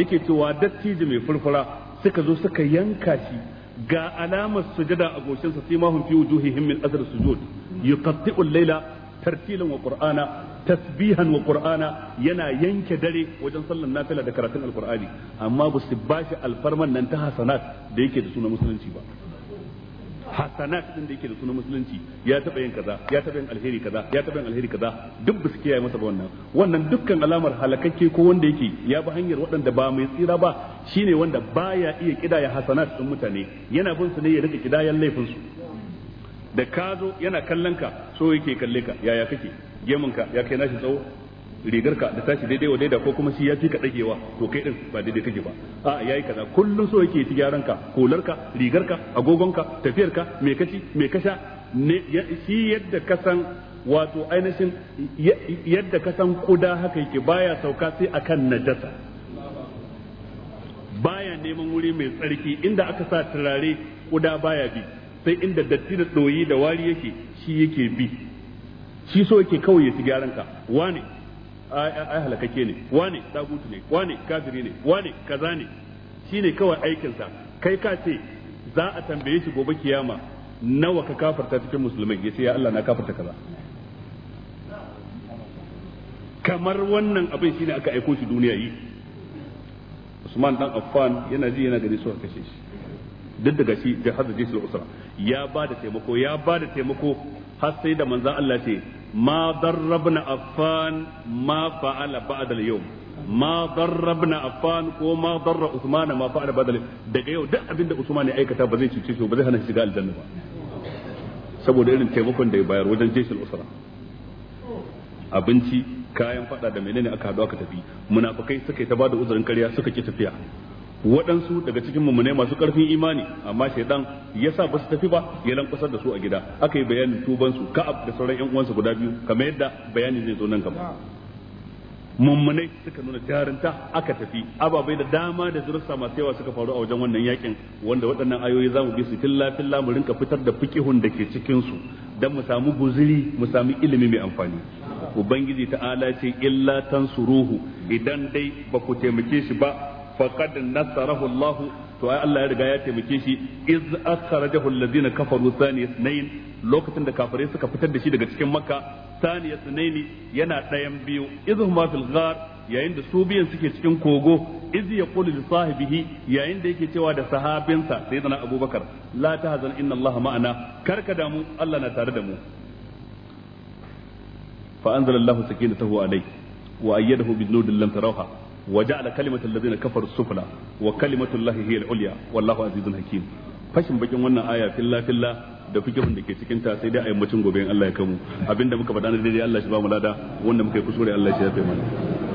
yake cewa dattijo mai furfura suka zo suka yanka shi ga alamar sujada a goshinsa sai ma hum fi wujuhihim min asr sujud yuqatti'u al-layla tartilan wa qur'ana tasbihan wa qur'ana yana yanke dare wajen sallar nafila da karatun alqur'ani amma ba su bashi alfarman nan ta hasanat da yake da sunan musulunci ba hasanat din da yake da sunan musulunci ya taba yin kaza ya taba yin alheri kaza ya taba yin alheri kaza duk suke masa ba wannan wannan dukkan alamar halakakke ko wanda yake ya bi hanyar waɗanda ba mai tsira ba shine wanda baya iya kidaya hasanat din mutane yana bin su ne ya rika kidayan laifin su da kazo yana kallon ka so yake kalle ka yaya kake gemunka ya kai nashi tsawo rigarka da tashi daidai wa daida ko kuma shi ya fi ka dagewa to kai din ba daidai kake ba a yayi kaza kullum so yake ci gyaran ka agogon rigarka agogonka tafiyarka me kaci me kasha shi yadda ka san wato ainihin yadda ka san kuda haka yake baya sauka sai akan najasa baya neman wuri mai tsarki inda aka sa turare kuda baya bi sai inda datti da doyi da wari yake shi yake bi shi so yake kawai ya ci gyaran ka wane ai halakake ne wane dagutu ne wane kafiri ne wane kaza ne shine kawai aikinsa kai ka ce za a tambaye shi gobe kiyama nawa ka kafarta cikin musulmai yace ya Allah na kafarta kaza kamar wannan abin shine aka aiko shi duniya yi Usman dan Affan yana ji yana gani so kashe shi duk daga shi da hadda da usra ya ba da taimako ya ba da taimako har sai da manzon Allah ce ما ضربنا أفان ما فعل بعد اليوم ما ضربنا أفان وما ضر daga yau duk abinda Usman ya ba zai cuce shi ba zai hana shiga aljanna ba saboda irin taimakon da ya bayar wajen jeshil usra abinci kayan fada da menene aka hadu aka tafi munafikai suka yi ta bada uzurin kariya suka ki tafiya waɗansu daga cikin mummune masu ƙarfin imani amma shaidan ya sa ba su tafi ba ya lankwasar da su a gida aka yi bayanin tubansu ka'ab da sauran yan uwansa guda biyu kamar yadda bayanin zai zo nan gaba mummunai suka nuna jarinta aka tafi ababai da dama da zurusa masu yawa suka faru a wajen wannan yakin wanda waɗannan ayoyi za mu bi su tilla tilla mu rinka fitar da fikihun da ke cikin su mu samu guziri mu samu ilimi mai amfani ubangiji ta'ala ce illa tansuruhu idan dai ba ku taimake shi ba faqad nasarahu Allah to ai Allah ya riga ya taimake shi iz akhrajahu allazina kafaru thani ithnain lokacin da kafirai suka fitar da shi daga cikin makka thani ithnaini yana ɗayan biyu iz fil ghar yayin da su biyan suke cikin kogo iz yaqulu li sahibihi yayin da yake cewa da sahabinsa sayyidina abubakar la tahzan inna allaha ma'ana karka damu Allah na tare da mu fa anzala allahu sakinatahu alayhi wa ayyadahu bi lam tarawha وجعل كلمة الذين كفروا السفلى وكلمة الله هي العليا والله عزيز حكيم fashin bakin wannan aya filla filla da fikihun da ke cikin ta sai dai a yammacin gobe in Allah ya kamu abinda muka faɗa na daidai Allah shi ba mu lada wanda muka yi kusure Allah shi ya fi mana